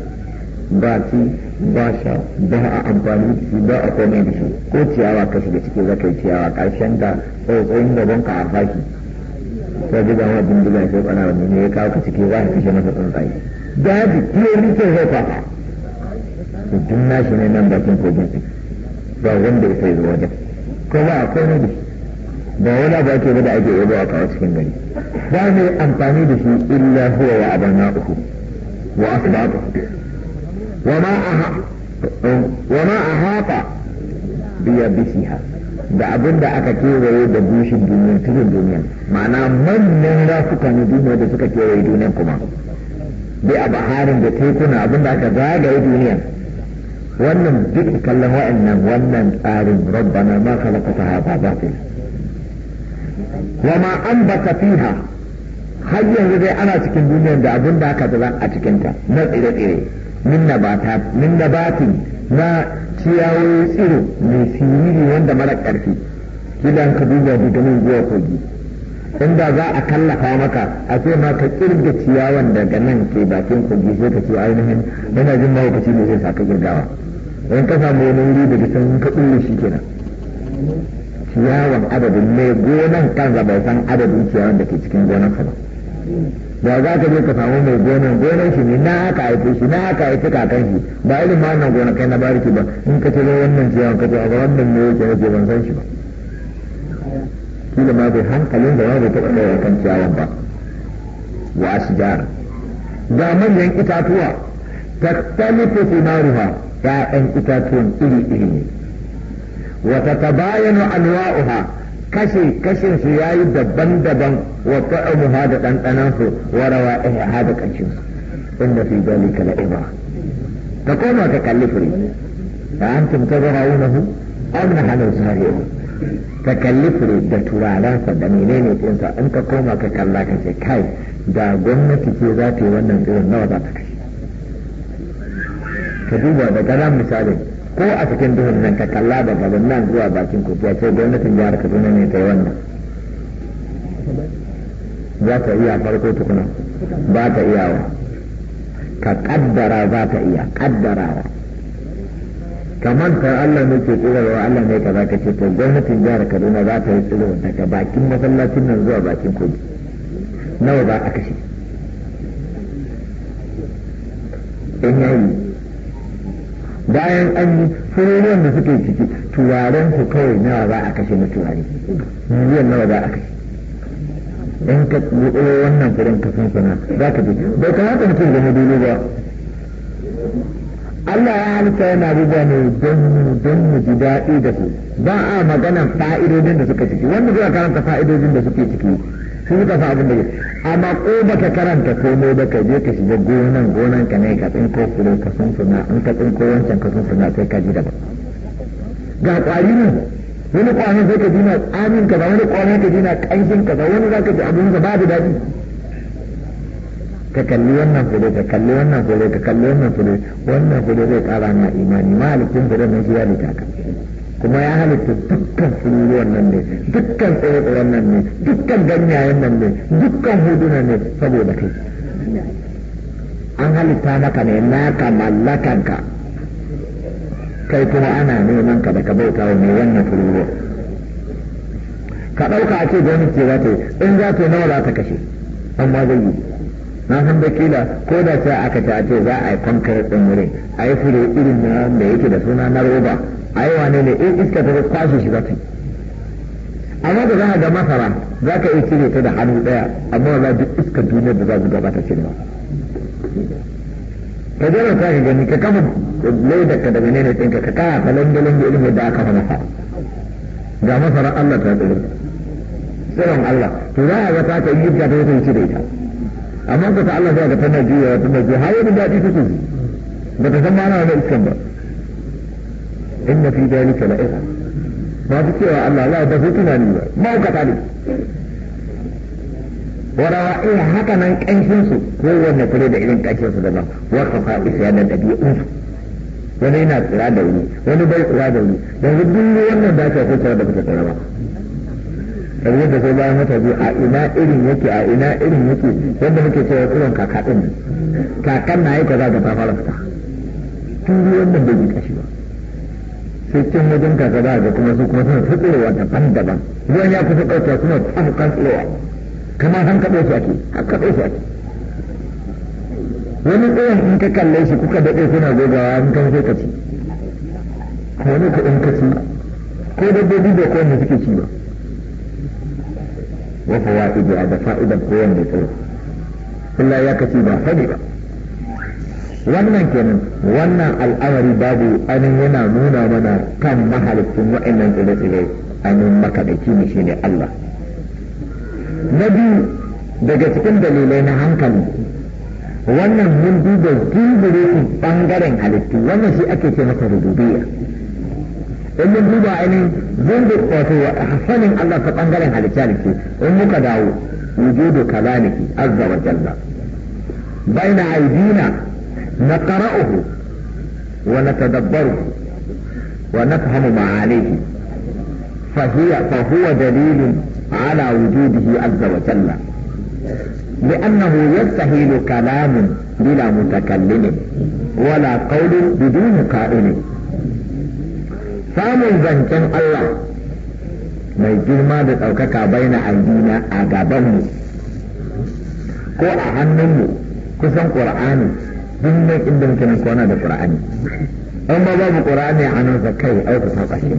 S1: ba ci ba sha ba a amfani da shi ba a komai da shi ko ciyawa ka shiga ciki zaka yi ciyawa karshen da tsautsayin gaban ka a faki sai ji gama bindiga ko kana wani ne ya kawo ka ciki za ka kashe masa tsuntsaye daji kilomita zai kwafa to duk nashi ne nan bakin kogin ba wanda ya sai zuwa ko ba a komai da ba wani abu ake da ake yabo a kawo cikin gari ba mai amfani da shi illa huwa wa abana uku wa asbabu wa ma aha wa ma ahata biya bisiha da abin da aka kewaye da bushin duniya cikin duniya ma'ana manyan rafuka na duniya da suka kewaye duniya kuma bai a baharin da tekuna abin da aka zagaye duniya wannan duk kallon wa'annan wannan tsarin rabbana ma ta hadha batil wa ambata fiha har yanzu dai ana cikin duniyar da abin da aka zama a cikinta na tsire-tsire min nabatin na ciyawo tsiro mai siriri wanda mara ƙarfi idan ka duba da nan zuwa kogi inda za a kallafa maka a ce ma ka kirga ciyawan daga nan ke bakin kogi sai ka ce ainihin yana jin mahaukaci ne zai saka girgawa in ka samu wani wuri daga can ka kulle shi kenan ciyawan adadin mai gonan kan bai san adadin ciyawan da ke cikin gonan ba da za ka je ka samu mai gonan gonan shi ne na aka haife shi na aka haife kakan shi ba irin ma wannan gonan kai na bariki ba in ka ciro wannan ciyawan ka ba wannan ne yake yake ban san shi ba kila ma bai hankalin da bai taɓa tsaye kan ciyawan ba wa ashjar ga manyan itatuwa tattalifu thimaruha ya'yan itatuwan iri iri ne wa tatabayanu anwa'uha kashe kashin su yayi daban-daban wa ha da dandanan su wa eh ha da kancin su inda fi dalika la'ibra ka koma ka kalli fure ta antum tazra'unahu am nahnu zari'un ka kalli fure da turarensa da menene ɗinsa in ka koma ka kalla ka ce kai da gwamnati ce za ta yi wannan irin nawa za ta kashe ka duba da gara misalin ko a cikin duhun nan ka kalla da garin nan zuwa bakin kofiya sai gwamnatin jihar kaduna ne ta yi wannan za ta iya farko tukuna ba ta iyawa ka kaddara za ta iya kaddarawa kamar ta Allah ne ke wa Allah ne ka za ka ce to gwamnatin jihar kaduna za ta yi tsiro daga bakin masallacin nan zuwa bakin kogi nawa za a kashe in yayi bayan an yi furorin da suke ciki turaren ku kawai nawa za a kashe na turare miliyan nawa za a kashe in ka buɗe wannan furen ka san sana za ka ji bai haka mutum zama dole ba Allah ya halitta yana rubuwa ne don don mu ji daɗi da su ba a maganan fa'idodin da suka ciki wanda zuwa karanta fa'idodin da suke ciki sun yi kafa abin da ya amma ko baka karanta komo ba ka je ka shiga gonan gonan ka ne ka tsinko fure ka sun suna in ka tsinko wancan ka sun suna sai ka ji daban ga kwari ne wani kwanin sai ka ji na tsamin ka da wani kwanin ka ji na ƙanshin ka da wani za ka ji abin da babu daɗi ka kalli wannan fure ka kalli wannan fure ka kalli wannan fure wannan fure zai kara ma imani malikin fure na shi ya rika ka kuma ya halitta dukkan sururuwan nan ne dukkan tsirran nan ne dukkan ganyayen nan ne dukkan hudunan ne saboda kai an halitta maka ne naka mallakanka kai kuma ana neman ka da ka bauta wa mai wannan tururuwa ka ɗauka a ce gwamnati ce za ta yi in za ta nawa za ta kashe amma zai yi na san da kila ko da sai aka ce a ce za a yi kwankar ɗin wurin a yi fure irin na da yake da suna na roba a yi wane ne in iska ta kwashe shi yi amma da za ga masara za ka iya cire ta da hannu ɗaya amma za duk iska duniyar da za su gabata ba ka je ka gani ka kama laidar ka daga nene ɗinka ka kaya ka langalange ilimin da aka masa ga masara Allah ta tsere tsiron Allah to za a ga ta kai yi ta yi cire ta amma ka ta Allah a ga tana juya tana juya har yadda daɗi ta ce ba ta san ma na wani iskan ba inna fi dalika la ibra ba su cewa Allah la da hutuna ne ba tali ne warawa in haka nan kanshin su kowanne kure da irin kanshin su daban wa ka isa da dabi'un su wani yana tsira da wuri wani bai tsira da wuri yanzu duk wannan da ake kusa da ka tsira ba yanzu da sai bayan mata biyu a ina irin yake a ina irin yake wanda muke cewa tsiron kaka din kakan na yi kaza da fara fita tun wannan bai ji kashi ba sai can wajen kaza za ga kuma su kuma suna fitowa daban-daban ruwan ya kusa ɗauka suna tsamukan tsirowa kamar an kaɗo su ake an kaɗo su ake wani tsoron in ka kalle shi kuka daɗe suna gogawa in kan sai ka ci wani kuɗin ka ci ko dabbobi da kowanne suke ci ba wa fawa'idu da fa'idan kowanne tsoro Allah ya kaci ba fadi ba wannan kenan wannan al'amari babu anin yana nuna mana kan mahalittun wa'annan tsire-tsire anin makaɗaki ne shi ne Allah na biyu daga cikin dalilai na hankali wannan mun duba dubure su bangaren halittu wannan shi ake ce masa rububiya. in mun duba ainihin zungu wato sanin Allah ta bangaren halittu in muka dawo wujudu kalaniki azza wa jalla baina aidina نقرأه ونتدبره ونفهم معانيه فهي فهو دليل على وجوده عز وجل لأنه يستحيل كلام بلا متكلم ولا قول بدون قائل samun zancen الله mai girma da ɗaukaka بين أيدينا a gabanmu ko a hannunmu kusan in inda muke nan kwana da qur'ani an ba babu qur'ani a nan zakai au ka saka shi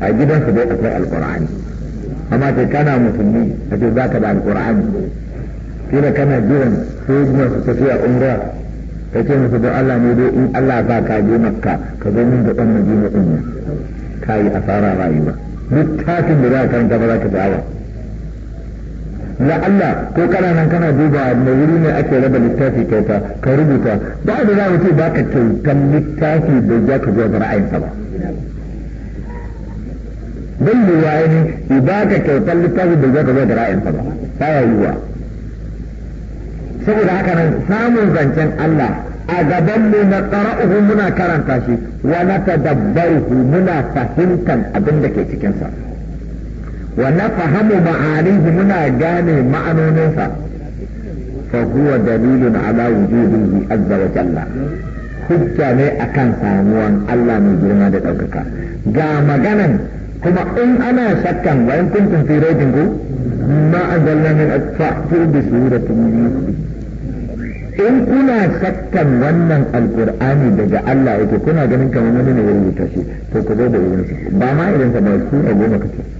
S1: a gidan su dai akwai alqur'ani amma ce kana musulmi a ce zaka da alqur'ani kila kana jiran sai masu tafiya umra ka ce musu don Allah ne dai in Allah ba ka je makka ka zo min da dan madina din nan asara rayuwa duk tashin da za ka karanta ba za ka dawo na Allah ko kana nan kana duba da wuri ne ake raba littafi kyauta ka rubuta ba da za mu ce ba ka kyautan littafi da za ka ra'ayin ra'ayinsa ba dan yiwuwa ya ne ba ka kyautan littafi da za ka da ra'ayinsa ba ba ya yiwuwa saboda haka nan samun zancen Allah a gaban mu na qara'uhu muna karanta shi wa na tadabbaru muna fahimtar abin da ke cikinsa. sa wa na fahimu ma'anihi muna gane ma'anoninsa fa huwa dalilun ala wujudihi azza wa jalla hujja ne akan samuwan Allah mai girma da ɗaukaka ga maganan kuma in ana shakkan wa in kuntum fi raibin ku ma anzalna min fa'tu bi suratin in kuna shakkan wannan alqur'ani daga Allah yake kuna ganin kamar wani ne ya rubuta shi to ku zo da wurin ba ma irin sa ba ku a goma kace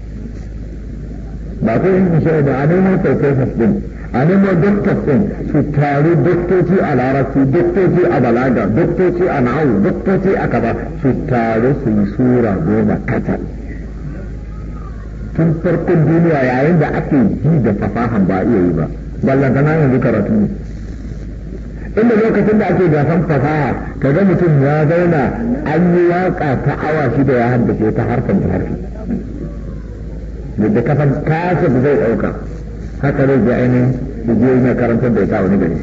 S1: ba ko yin shi da a nemo din a nemo din su taru doktoci a larabci doktoci a balaga doktoci a nahu doktoci a kaba su taru su yi sura goma kacal tun farkon duniya yayin da ake ji da fasahan ba iya yi ba kana yanzu karatu ne inda lokacin da ake gasan fasaha ka ga mutum ya zauna an yi waka ta awa shida ya haddace ta harkar da harfi da kafan kasa da zai ɗauka haka zai ji ainihin bidiyoyi na karantar da ita wani gari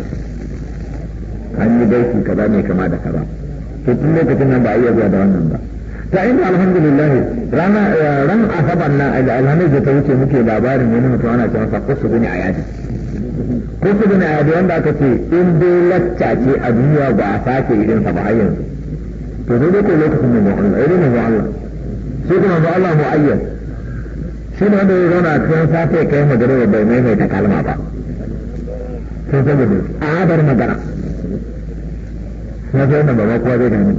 S1: an yi baiki kaza ne kama da kaza to tun lokacin nan ba a iya zuwa da wannan ba ta inda alhamdulillah rana eh, ran asabar na da alhamis da ta wuce muke labarin wani mutum ana cewa sa kusa gani a yadi kusa gani a yadi wanda aka ce in dai lacca ce a duniya ba a sake irin sa ba a yanzu to dai dai ko lokacin mai mu'alla irin mai mu'alla sai kuma mu'alla mu'ayyar shi ne wanda ya zauna cikin safe kai magana bai kalma ba sai saboda tsabar magana na zai zai gani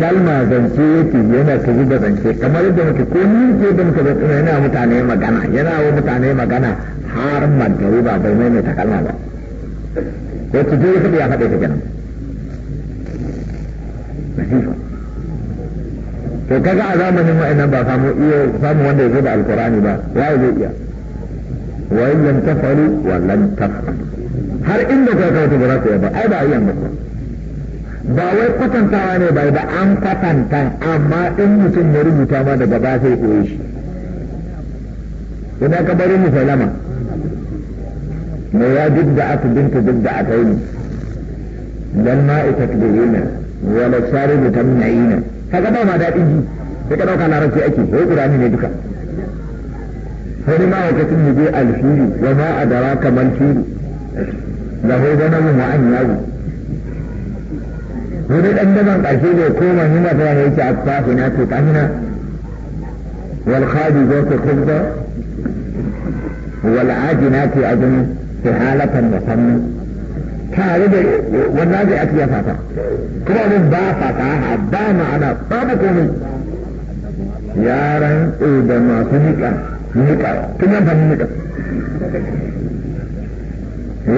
S1: kalma zance yake yana ta zuba zance kamar yadda muke ko ni ke da muka zai yana mutane magana yana wa mutane magana har magana ba bai kalma ba wacce ya faɗe ta kenan to kaga a zamanin wa'annan ba samu iya samu wanda ya da Alqurani ba ya zai iya wa in lam tafalu wa lam tafalu har inda kai kawo ba za ku ba ai ba a yan ba ba wai kwatantawa ne ba ba an kwatanta amma in mutum ya rubuta ma daga ba sai koyi shi ina ka bari mu salama me ya da aka binta didda aka yi lamma ita tadina wala sharibu tamnaina kaga ba ma daɗin ji sai ka ɗauka larabci ake wai ƙurani ne duka wani ma wata cin je alfiri wa ma a dara kamar firi lahu mu ma an yawo wani ɗan daban ƙarshe da koma nuna ta yana yake a tsafina to ƙamina wal khadi zo ta kubba wal ajina ke ajin halatan sannan tare da wanda zai a cikin fata kuma abin ba fasaha ba ma'ana babu komai yaran da masu nika nika tun yan fani nika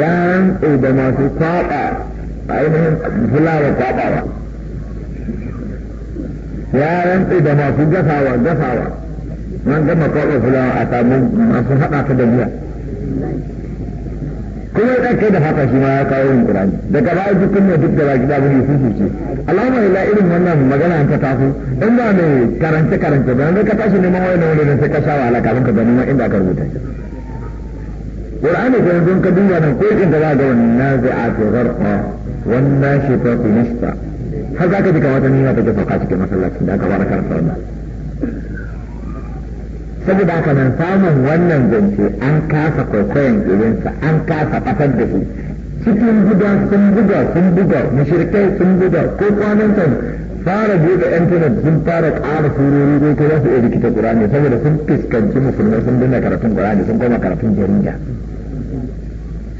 S1: yaran da masu kwaɓa a ainihin fulawa kwaɓawa yaran da masu gasawa gasawa man gama kwaɓa fulawa a samu masu haɗa ta da biya kuma ya kai da haka shi ma ya kawo yin kurani daga baya duk kuma duk da baki da abin su ce alama ila irin wannan magana ta taso in ba mai karance karance ba nan ka tashi neman wani wani sai ka sha wahala kafin ka gani ma inda ka rubuta shi qur'ani ko yanzu ka duba nan ko in da za ga wannan nazi'atu gharqa wannan shi ta kunista har za ka ji ta nima ta take sauka cikin masallacin da aka fara karanta wannan saboda haka nan samun wannan zance an kasa kwaikwayon irinsa an kasa ƙasar da shi cikin guda sun buga sun buga mashirkai sun buga ko kwanan can fara buɗe intanet sun fara ƙara surori ko ko za su iya rikita ƙur'ani saboda sun fuskanci musulmai sun dinga karatun ƙur'ani sun koma karatun jarida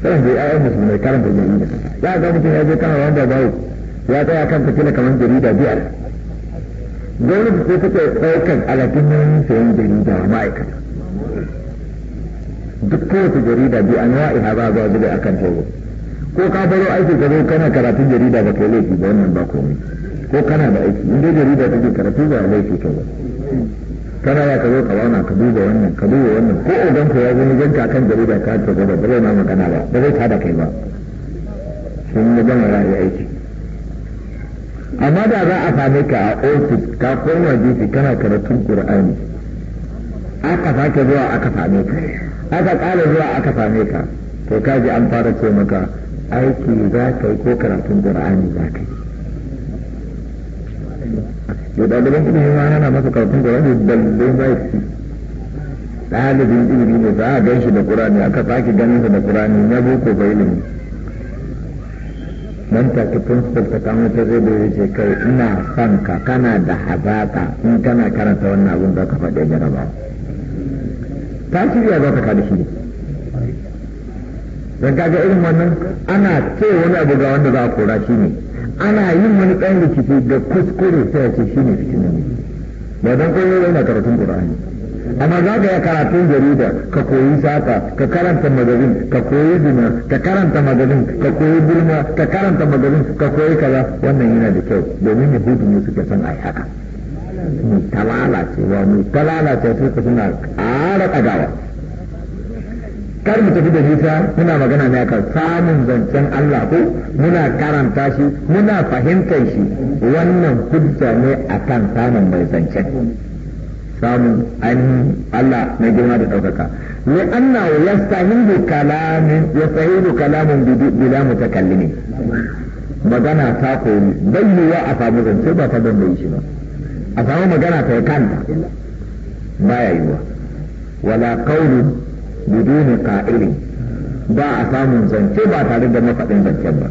S1: sai da ayyan musulmai karanta jarida ya ga mutum ya je kana wanda zai ya tsaya kan fitila kamar jarida biyar gwamnati sai take ɗaukar alaƙin nan sayan jarida wa ma'aikata duk kowace jarida biyu an wa'i ha ba zuwa zuba kan tebur ko ka baro aiki ka zo kana karatun jarida ba kai laifi ba wannan ba komai ko kana da aiki in dai jarida take karatu ba laifi ka ba kana ya ka zo ka zauna ka duba wannan ka duba wannan ko ogan ka ya zo ni ganka kan jarida ka ta ba ba zai ma magana ba ba zai tada kai ba sun gama ra'ayi aiki amma da za a same ka a ofis ka koma gefe kana karatun qur'ani aka sake zuwa aka same ka aka ƙara zuwa aka same ka to ka ji an fara ce maka aiki za ka yi ko karatun qur'ani za ka yi da ɗaliban ilimi ma yana masa karatun qur'ani dalilin za su ɗalibin ilimi ne za a gan shi da qur'ani aka sake ganin sa da qur'ani na boko bai ilimi nan take principal ta kama ta zai da wuce kai ina son ka kana da hazaka in kana karanta wannan abin da ka faɗi jaraba ta shirya za ta kada shi ne don kaga irin wannan ana ce wani abu ga wanda za a kora shi ne ana yin wani ɗan rikici da kuskure sai ya ce shi ne fitinin ne ba don yana karatun ƙura'ani amma za ka yi karatun jarida ka koyi saka, ka karanta magazin ka koyi zina ka karanta magazin ka koyi burma ka karanta magazin ka koyi kaza wannan yana da kyau domin hudu ne suke son a yi haka ce wa mai talala ce su ka suna ƙara ɗagawa kar mu tafi da nisa muna magana ne akan samun zancen Allah ko muna karanta shi muna fahimtar shi wannan hujja ne akan samun mai zancen samun ainihin Allah mai girma da ɗaukaka li anna yastahilu kalamin yastahilu kalamin bila mutakallimi magana ta koyi bayyuwa a samu zance ba ta ban shi ba a samu magana ta kanta Ba baya yiwa wala qawlu biduni qa'ili ba a samun zance ba tare da mafaɗin zancen ba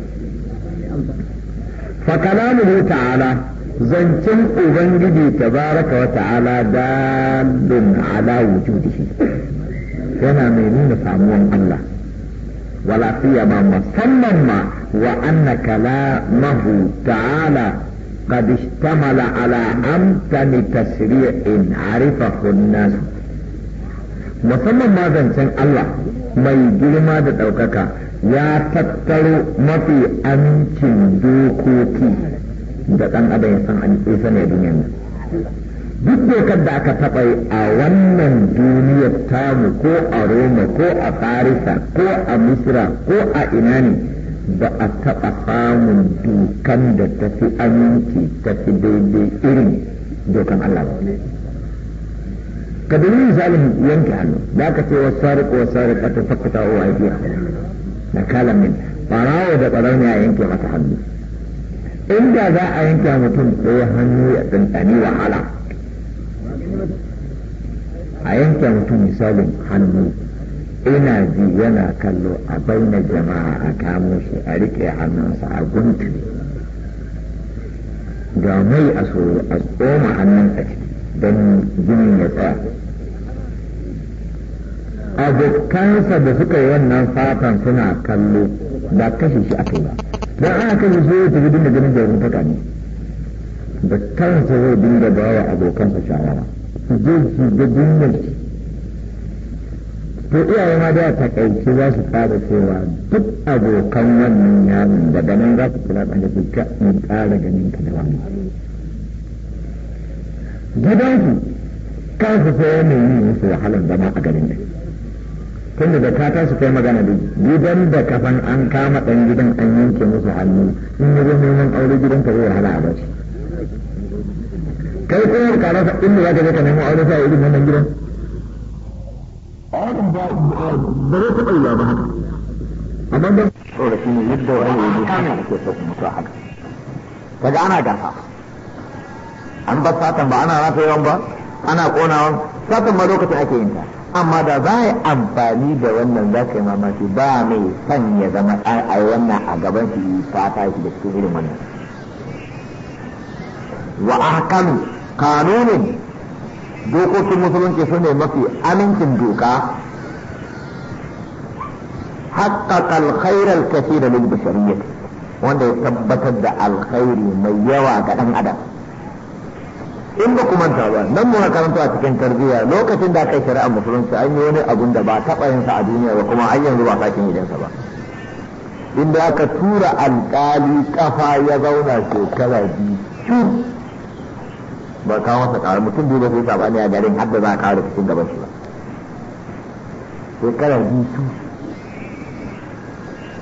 S1: fa kalamuhu ta'ala zancen ubangiji tabaraka wa ta'ala dalun ala wujudihi yana mai nuna samuwan Allah wala siyama musamman ma wa anna kalamahu ta'ala قد اشتمل على أمتن تشريع عرفه الناس musamman ma zancen Allah mai girma da ɗaukaka ya tattaro mafi amincin dokoki da ɗan adam ya san an isa ne duniya ne duk dokar da aka taɓa a wannan duniyar tamu ko a roma ko a farisa ko a misira ko a ina ne ba a taɓa samun dokan da ta fi aminci ta fi daidai irin dokan Allah ba ka dalilin misalin yanke hannu da aka ce wasu ko wasu sariƙa ta fakata wa aibiya na kalamin min da ɓarawa ne a yanke mata hannu inda za a yanke mutum ɗaya hannu ya ɗanɗani wahala a yanke mutum misalin hannu ina ji yana kallo a baina jama'a a kamo shi a riƙe hannunsa a gunti ga mai a tsoro a tsoma hannun a ciki don jinin ya tsaya abokansa da suka yi wannan fatan suna kallo da kashe shi a kai ba da aka kai so ya tafi dinga ganin jarumtaka ne da kansa zai dinga ba wa abokansa shawara zai su da dinga to iyaye ma da takaice za su fara cewa duk abokan wannan yaron da nan za su kula da su ka in ƙara ganin ka da wani gidansu kansa sai yanayi musu wahalar zama a garin ne. tun da ka tashi kai magana da gidan da kafan an kama dan gidan an yanke musu hannu in ya zo neman aure gidan ka zai hana a kai kuma ka rasa inda za ka je ka nemo aure sa irin wannan gidan adam ba ba zai taɓa yiwa ba haka amma dan saboda shi ne yadda wani yaji hana ake so mutu haka kaga ana gasa an ba satan ba ana rafa yawan ba ana konawa satan ma lokacin ake yin ta amma da za a yi amfani da wannan za ka yi mamaki ba mai son ya zama a yi wannan a gaban shi fata shi da cikin irin wannan wa ahkamu kanunin dokokin musulunci su ne mafi amincin doka haƙaƙa alkhairar kashi da lil bashariyya wanda ya tabbatar da alkhairi mai yawa ga ɗan adam in ba ku manta ba nan muna karanta a cikin tarbiyya lokacin da aka yi shari'a musulunci an yi wani abun da ba taɓa yin sa a duniya ba kuma an yanzu ba sakin yin sa ba inda aka tura alƙali kafa ya zauna shekara biyu ba kawo masa ƙara mutum biyu ba sai sabani a garin har da za a kawo cikin gaban shi ba shekara biyu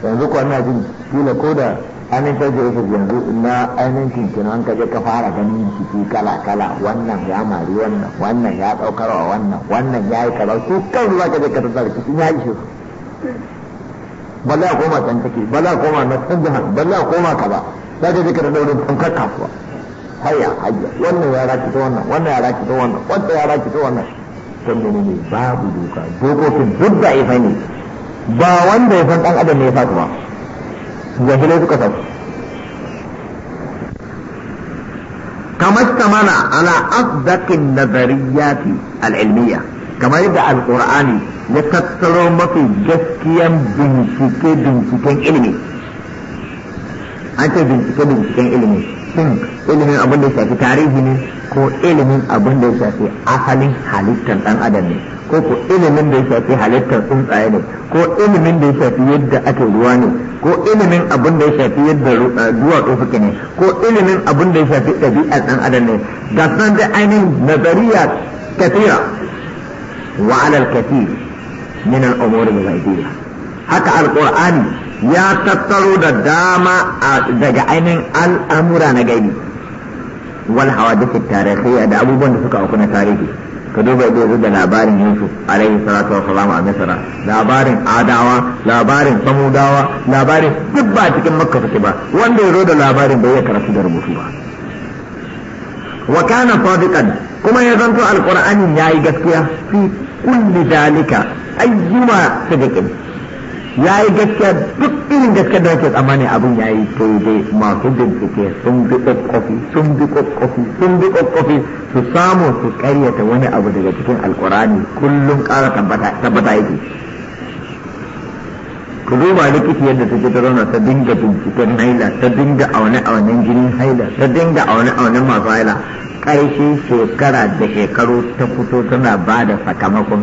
S1: yanzu kuwa na jin kila ko da amin ta je su yanzu na ainihin kinan ka je ka fara ganin ciki kala kala wannan ya mari wannan wannan ya daukarwa wannan wannan ya yi kaza su kan za ka je ka tattara ki ya yi shi balla koma can take balla koma na can jihar balla koma kaza za ka je ka tattara wurin tankar kasuwa hayya hayya wannan ya raki ta wannan wannan ya raki ta wannan wannan ya raki ta wannan to ne babu doka dokokin duk da ifani ba wanda ya san dan adam ne ya fatuwa ba yanzu ne suka samu kamar samana ala asdaqin nazariyati al'ilmiya kamar yadda alkur'ani ya tattaro mafi gaskiyan bincike binciken ilimi an ce bincike binciken ilimi shin ilimin abin da shafi tarihi ne ko ilimin abin da shafi asalin halittar dan adam ne ko ko ilimin da shafi halittar tsuntsaye ne ko ilimin da shafi yadda ake ruwa ne ko ilimin abin da shafi yadda ruwa eh, ko suke ne ko ilimin abin da shafi ɗabi'ar dan adam ne ga san da ainihin nazariya kafira wa alal kathir min al-umuri al haka al ya tattaro da dama daga ainihin al'amura na gaibi wal tare sai da abubuwan da suka auku na tarihi ka duba da da labarin Yusuf alaihi salatu salamu a Misra labarin Adawa labarin Samudawa labarin duk ba cikin Makka suke ba wanda ya zo da labarin bai ya karatu da rubutu ba wa kana sadiqan kuma ya zanto alqur'ani yayi gaskiya fi kulli dalika ayyuma sadiqin ya yi gaskiya duk irin gaskiya da wake tsammani abin ya yi sai dai masu bincike sun bi kwakwafi sun bi kwakwafi sun bi kwakwafi su samu su karyata wani abu daga cikin alkurani kullum kara tabbata yake ku duba likiti yadda suke ta zauna ta dinga binciken haila ta dinga aune aunen jinin haila ta dinga aune aunen masu haila ƙarshe shekara da shekaru ta fito tana ba da sakamakon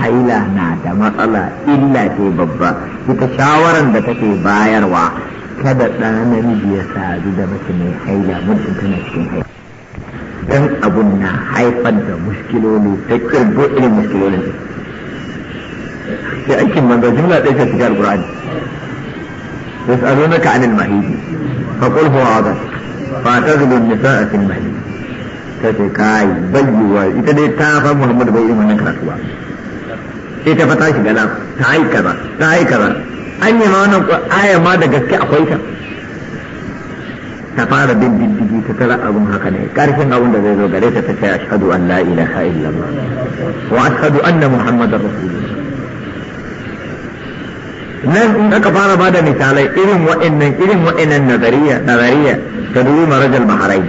S1: haila na da matsala illa ce babba ita shawaran da take bayarwa kada ɗa namiji ya sadu da mace mai haila mutum tana cikin haila dan abun na haifar da muskiloli ta kirgo irin muskilolin sai aikin manzo jumla ɗaya ta shiga alƙur'ani yas'alunaka anil mahidi fa qul huwa adha fa tazlu nisaa fil mahidi ta ce kai bayyuwa ita dai ta fa Muhammad bai yi wannan karatu ba sai ta fata shiga nan ta yi kaza ta yi kaza an yi ma wannan aya ma da gaske akwai ta ta fara bin diddigi ta tara abun haka ne karfin abun da zai zo gare ta ta ce ashhadu an la ilaha illallah wa ashhadu anna muhammadar rasulullah nan in aka fara ba da misalai irin wa'annan irin wa'annan nazariya nazariya ta dubi marajal baharai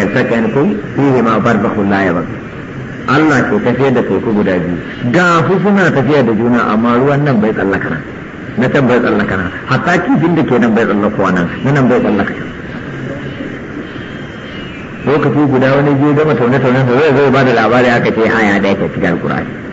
S1: yaltaqan kun fihi ma barzahu la yabqa Allah ke tafiyar da teku guda biyu ga su suna tafiya da juna amma ruwan nan bai tsallaka nan na can bai tsallaka nan hatta kifin da ke nan bai tsallakuwa nan na nan bai tsallaka lokaci guda wani biyu gama taune-taune zai zai ba da labari aka ce haya da ya tafi da alkurani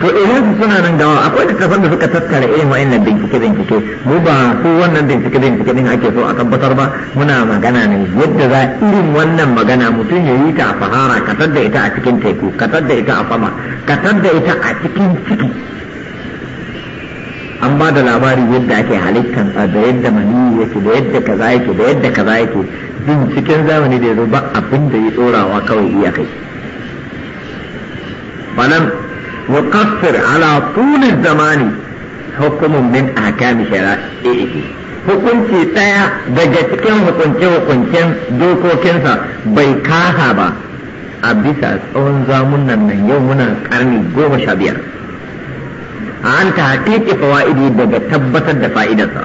S1: to irin eh, su suna nan gawa akwai littafan da suka tattara irin wa'annan bincike bincike mu ba su wannan bincike bincike din ake so a tabbatar ba muna magana ne yadda za irin wannan magana mutum ya yi ta a fahara katar da ita a cikin teku katar da ita a sama katar da ita a cikin ciki an ba da labari yadda ake halittan da yadda mani yake da yadda kaza yake da yadda kaza yake binciken zamani da ya zo ba abin da ya tsorawa kawai iyakai. Banan يقصر على طول الزمان حكم من أحكام شرائعه hukunci ɗaya daga cikin hukunce-hukuncen dokokinsa bai kasa ba a bisa tsawon zamunan nan yau muna karni goma sha biyar a an ta haƙiƙi fawa'idi daga tabbatar da fa'idarsa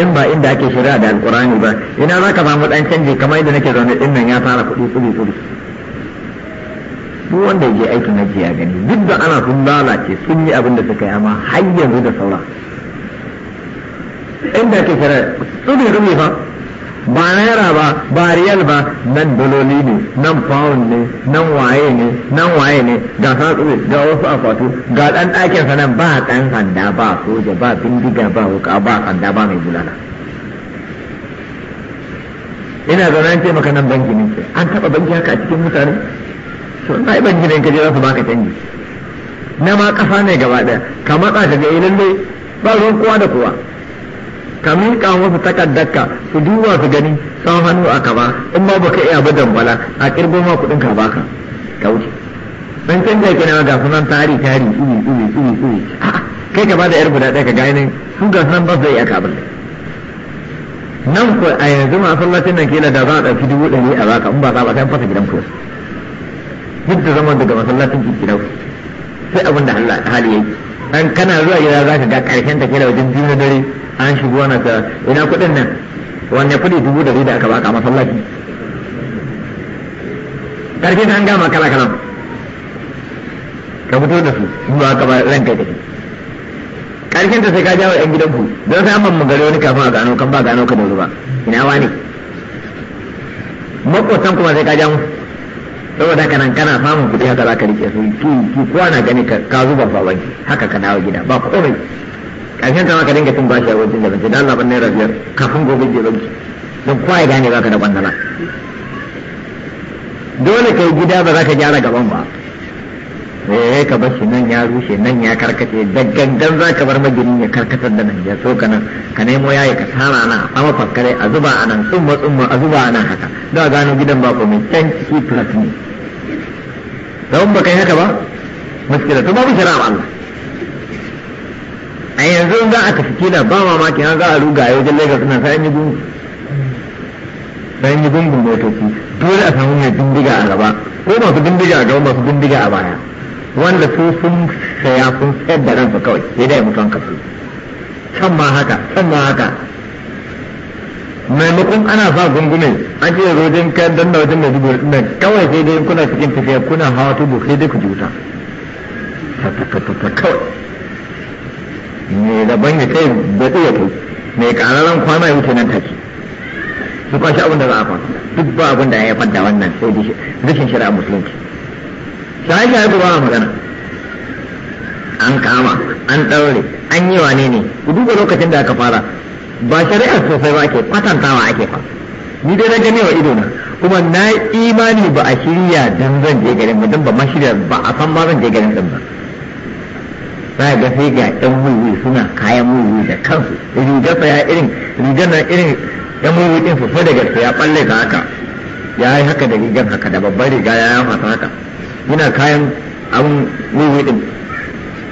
S1: in ba inda ake shirya da alƙurani ba ina za ka samu ɗan canji kamar yadda nake zaune ɗin nan ya fara kuɗi tsuri-tsuri duk wanda ya je aikin hajji ya gani duk da ana sun lalace sun yi abin da suka yi amma har yanzu da saura inda ke kira tsubin rumi fa ba naira ba ba riyal ba nan daloli ne nan pound ne nan waye ne nan waye ne ga tsube ga wasu akwatu ga dan ɗakin sa nan ba ɗan sanda ba soja ba bindiga ba wuka ba sanda ba mai bulala ina zaune ce maka nan banki ne an taba banki haka a cikin mutane to na ban gidan ka je za su baka canji na ma kasa ne gaba ɗaya ka matsa ka ga ilin eh, dai ba ruwan kowa da kowa ka miƙa musu takaddaka su duba su gani san hannu a kaba in ba baka iya ba dambala a kirgo ma kuɗin ka baka ka wuce dan canja kina ga sunan tari tari iri iri iri iri kai ka bada yar guda ɗaya ka gane su ga sunan ba zai iya kabin nan ko a yanzu masallacin nan kila da za a ɗauki dubu ɗari a baka in ba a ba yi fasa gidan kuwa fidda zaman daga masallacin kirkirau sai abin da Allah hali yake an kana zuwa gida za ka ga karshen ta kira wajen biyu na dare an shigo na ta ina kuɗin nan wanne kuɗi dubu da da aka baka a masallaci karshen ta an gama kala kala ka fito da su zuwa ka ba kai tafi karshen ta sai ka jawo yan gidan ku don sai an ban magare wani kafin a gano kan ba gano ka da ba ina wani makwatan kuma sai ka jawo saboda haka nan kana samun kuɗi haka za ka rike su ki ki kowa na gani ka zuba baban ki haka ka dawo gida ba komai ƙarshen ta ka dinga tun bashi a wajen da bace da Allah naira biyar kafin gobe je banki don kowa ya gane baka da kwandala dole kai gida ba za ka gyara gaban ba sai ka bar shi nan ya rushe nan ya karkace da za ka bar magini ya karkatar da nan ya so ka nan ka nemo ya yi ka sara nan a sama fakkare a zuba a nan tsumma tsumma a zuba a nan haka da gano gidan ba ko mai can ciki plus ne don ba kai haka ba muskila to babu shari'a Allah a yanzu za a tafi kina, ba mamaki an za a ruga a wajen Lagos nan sai an yi gungu sai an yi gungun motoci dole a samu mai bindiga a gaba ko masu bindiga a gaba masu bindiga a baya wanda su sun saya sun sayar da ransu kawai sai dai mutuwan kasu can ma haka can ma haka maimakon ana sa gungume an ce rojin kayan danna wajen mai dubu da kawai sai dai kuna cikin tafiya kuna hawa tubu sai dai ku ji wuta kawai mai daban ya kai da tsaye kai mai kararan kwana ya wuce nan take su kwashi abin da za a kwana duk ba abin da ya haifar da wannan sai rashin shari'a musulunci shaye-shaye ku ba magana an kama an ɗaure an yi wane ne ku duba lokacin da aka fara ba shari'ar sosai ba ke kwatantawa ake fa ni dai na gane wa idona kuma na imani ba a shirya dan zan je garin ba dan ba ma shirya ba a san ba zan je garin din ba za ga sai ga ɗan wuyi suna kayan wuyi da kansu rigar sa ya irin rigar na irin ɗan wuyi din su fa da gaske ya balle ka haka ya yi haka da rigar haka da babbar riga ya yi haka yana kayan abin wiwi din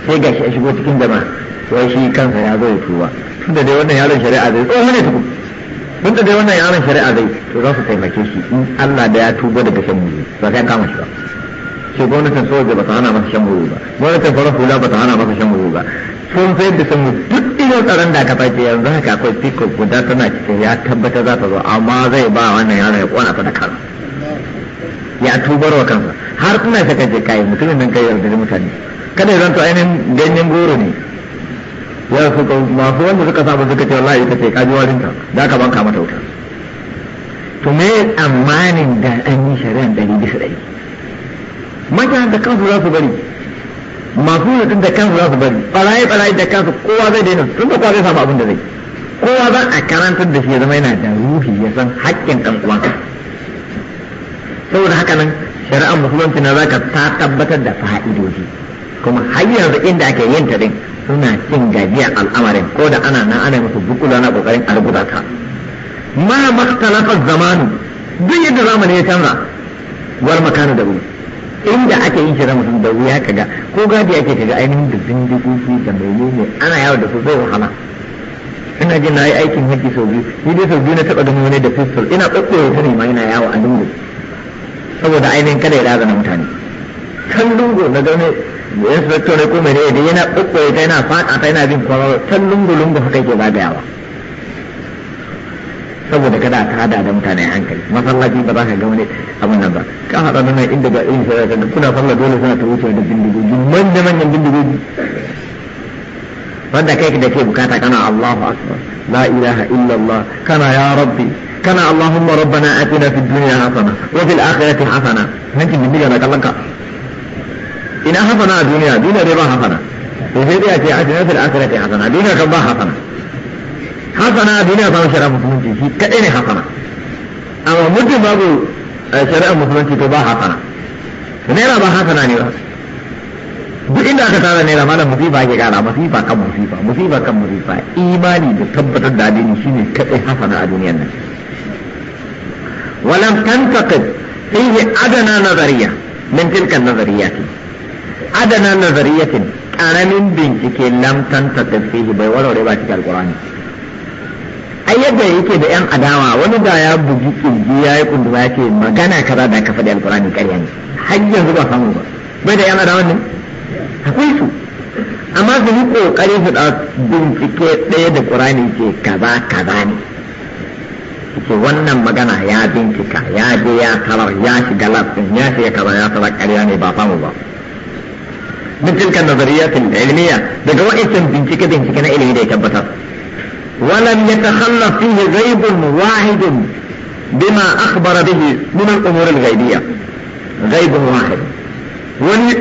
S1: sai gashi ya shigo cikin jama'a wai shi kansa ya zo ya tuba tunda dai wannan yaron shari'a zai tsohon ne tukun tun da dai wannan yaron shari'a zai to za su taimake shi in Allah da ya tuba daga shan wuri ba sai kama shi ba ce gwamnatin soja ba ta hana masa shan wuri ba gwamnatin fara hula ba ta hana masa shan wuri ba sun sayar da sun duk irin tsaron da aka fashe yanzu haka akwai fiko guda tana cikin ya tabbatar za ta zo amma zai ba wannan yaron ya kona ta da kansa ya tubar wa kansa har ina saka je kai mutumin nan kai yarda da mutane kada ya zanto ainihin ganyen goro ne ya suka masu wanda suka samu suka ce wallahi ita ce kaji warinta da aka banka mata wuta to me amanin da an yi shari'an dari bisa dari mata da kansu za su bari masu mutum da kansu za su bari barayi barayi da kansu kowa zai daina tun da kowa zai samu abin da zai kowa za a karantar da shi ya zama yana da ruhi ya san haƙƙin ɗan uwansa saboda haka nan shari'ar musulunci na zaka ta tabbatar da fa'idoji kuma har yanzu inda ake yin ta din suna cin gajiyar al'amarin ko da ana na ana musu bukula na kokarin a rubuta ta ma makhtalafa zamanu duk yadda zamani ya canza war makanu da ruwa inda ake yin shirin musulunci da wuya kaga ko gadi ake kaga ainihin da zindigogi da menene ana yawo da su zai wahala ina jin na yi aikin hajji sau biyu ni dai sau biyu na taɓa ganin wani da pistol ina tsakkoya ta ne ma yana yawo a dungu saboda ainihin kada ya razana mutane can lungu na gane yan su ne ko mai da yana ɓoɓɓoye ta yana faɗa ta yana bin kwaro can lungu lungu haka yake zagayawa saboda kada ta hada da mutane a hankali masallaci ba za ka ga wani abin nan ba kan haɗa nuna inda ga irin sai kuna falla dole suna ta wuce da bindigogi manya manyan bindigogi wanda kai da ke bukata kana Allahu akbar la ilaha illallah kana ya rabbi kana Allahumma rabbana atina fid dunya hasana wa fil akhirati hasana nan kin bibiya na kallon ka ina hasana a duniya duniya dai ba hasana to sai dai a ce atina fil akhirati hasana duniya kan ba hasana hasana a duniya ba shara musulunci shi kadai ne hasana amma mutum babu eh, shari'ar musulunci to ba hasana naira ba hasana ne ba duk inda aka tara naira malam musifa ke kara musifa kan musifa musifa kan musifa imani da tabbatar da addini shine kadai hasana a duniyar nan walam tantaqid fihi adana nazariya min tilka nazariyati adana nazariyatin karamin bincike lam tantaqid fihi bai warware ba cikin alqur'ani ai yadda yake da yan adawa wani da ya bugi kirji ya yi kunduma ya ce magana kaza da aka faɗi alqur'ani ƙarya ne har yanzu ba samu ba bai da yan adawa ne akwai su amma su yi ƙoƙarin su da bincike ɗaya da ƙurani ke kaza kaza ne ce wannan magana ya bincika ya je ya tarar ya shiga lafin ya shiga kaza ya tarar ƙarya ne ba famu ba min tilka nazariyatin ilmiya daga wa'ancan bincike bincike na ilimi da ya tabbatar ولم يتخلف فيه غيب واحد بما أخبر به من الأمور الغيبية غيب واحد wani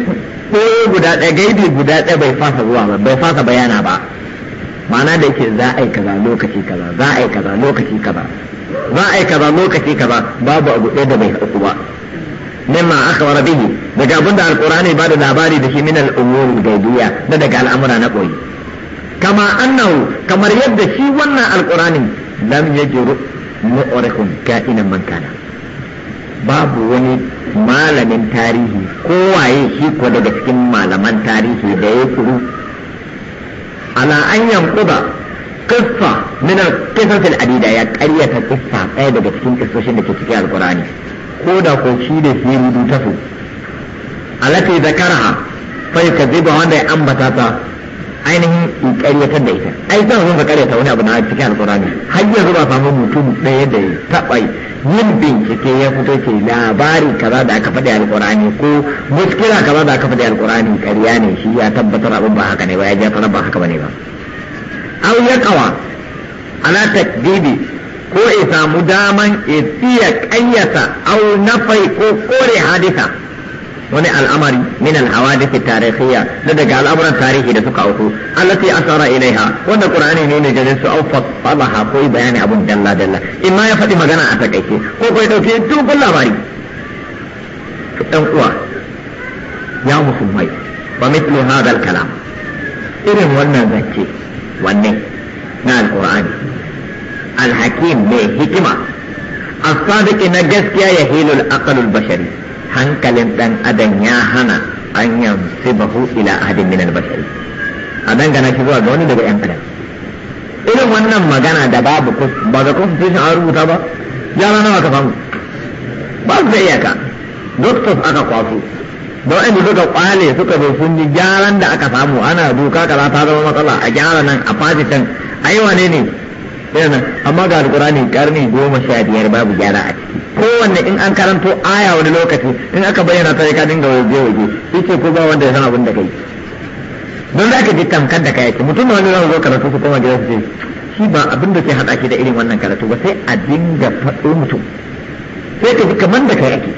S1: ɓoye guda ɗaya gaibi guda ɗaya bai fasa zuwa ba bai fasa bayana ba ma'ana da yake za a yi kaza lokaci kaza za a yi kaza lokaci kaza za a yi kaza lokaci kaza babu abu ɗaya da bai haɗu ba mimma aka wara bihi daga abinda alƙur'ani ba da labari da shi min al'umuri gaibiya da daga al'amura na koyi. kama annahu kamar yadda shi wannan zamu lam yajru mu'rikun ka'inan man kana babu wani malamin tarihi kowaye shi ko daga cikin malaman tarihi da ya kuru ala an yankuda kiffa min kifatil adida ya karyata kiffa ɗaya daga cikin kisoshin da ke cikin alkurani ko da ko shi da shi rubuta su alati zakaraha fa yukadziba wanda ya ambata ta ainihin karyatar da ita ai zan mun ka karyata wani abu na cikin alƙurani har yanzu ba samu mutum ɗaya da ya taɓa yin bincike ya fito ce labari kaza da aka faɗi alkurani ko muskila kaza da aka faɗi alƙurani ƙarya ne shi ya tabbatar abin ba haka ne ba ya ji sanar ba haka ba ne ba au ya kawa ala takdibi ko ya samu daman ya tsiya ƙayyata au nafai ko kore hadisa wani al'amari min al-hawadith tarihiyya da daga al'amuran tarihi da suka auku allati asara ilaiha wanda qur'ani ne ne ganin su aufa falaha ko bayani abun dalla dalla in ma ya faɗi magana a takaice ko kai ya dauke dukkan labari dan uwa ya musulmai wa mithlu hadha al-kalam irin wannan zance wannan na al-qur'ani al-hakim mai hikima الصادق ان جسكيا يهيل العقل البشري hankalin dan adam ya hana an yansu bahu ila ahadin minal bashari a dangana shi zuwa ga wani daga yan adam irin wannan magana da babu ba ga constitution an rubuta ba yara nawa ka famu ba su da iyaka doctors aka kwaso da wa'anda suka kwale suka zo sun ji gyaran da aka samu ana doka kala ta zama matsala a gyara nan a fasitan a ai wane ne yana amma ga alkurani karni goma sha biyar babu gyara a ciki kowanne in an karanto aya wani lokaci in aka bayyana ta ka dinga waje waje yace ko ba wanda ya san abin da kai don za ka ji tamkar da kai mutum ma wani zan zo karatu su kuma gida su ce shi ba abin da ke hada shi da irin wannan karatu ba sai a dinga faɗo mutum sai ka ji kamar da kai ake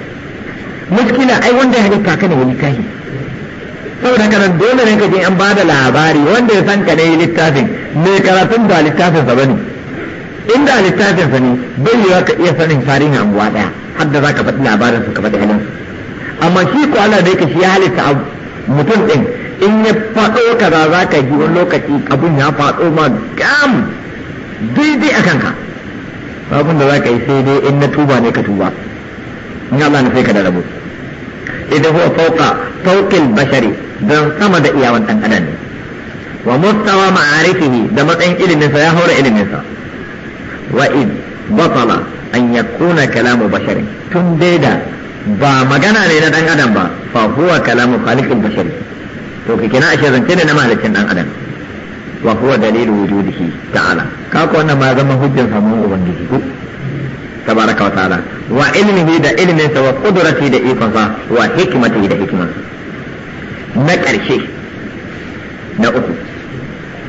S1: muskila ai wanda ya halitta ka ne wani kai saboda haka nan dole ne ka je an ba da labari wanda ya san ka ne littafin mai karatun ba littafin sa bane inda littafin sa ne bai yiwa ka iya sanin tarihin anguwa daya har da zaka faɗi labarin su ka faɗi halin amma shi ko Allah da yake shi ya halitta a mutum din in ya faɗo kaza za ka ji wani lokaci abun ya faɗo ma gam daidai a kanka abin da za ka yi sai dai in na tuba ne ka tuba in Allah na sai ka da rabu idan huwa fauka fauqil bashari dan sama da iyawan dan adam ne wa mustawa ma'arifihi da matsayin ilimin sa ya haura ilimin sa wa'id batala an yakuna kalamu basharin tun da ba magana ne na dan adam ba fa huwa kalamu khaliqil bashari to kike na ashe zance ne na dan adam wa huwa dalilu wujudihi ta'ala ka ko wannan ma zama hujjar samun ubangiji ko tabaraka wa ta'ala wa ilmihi da ilmin da wa da na karshe na uku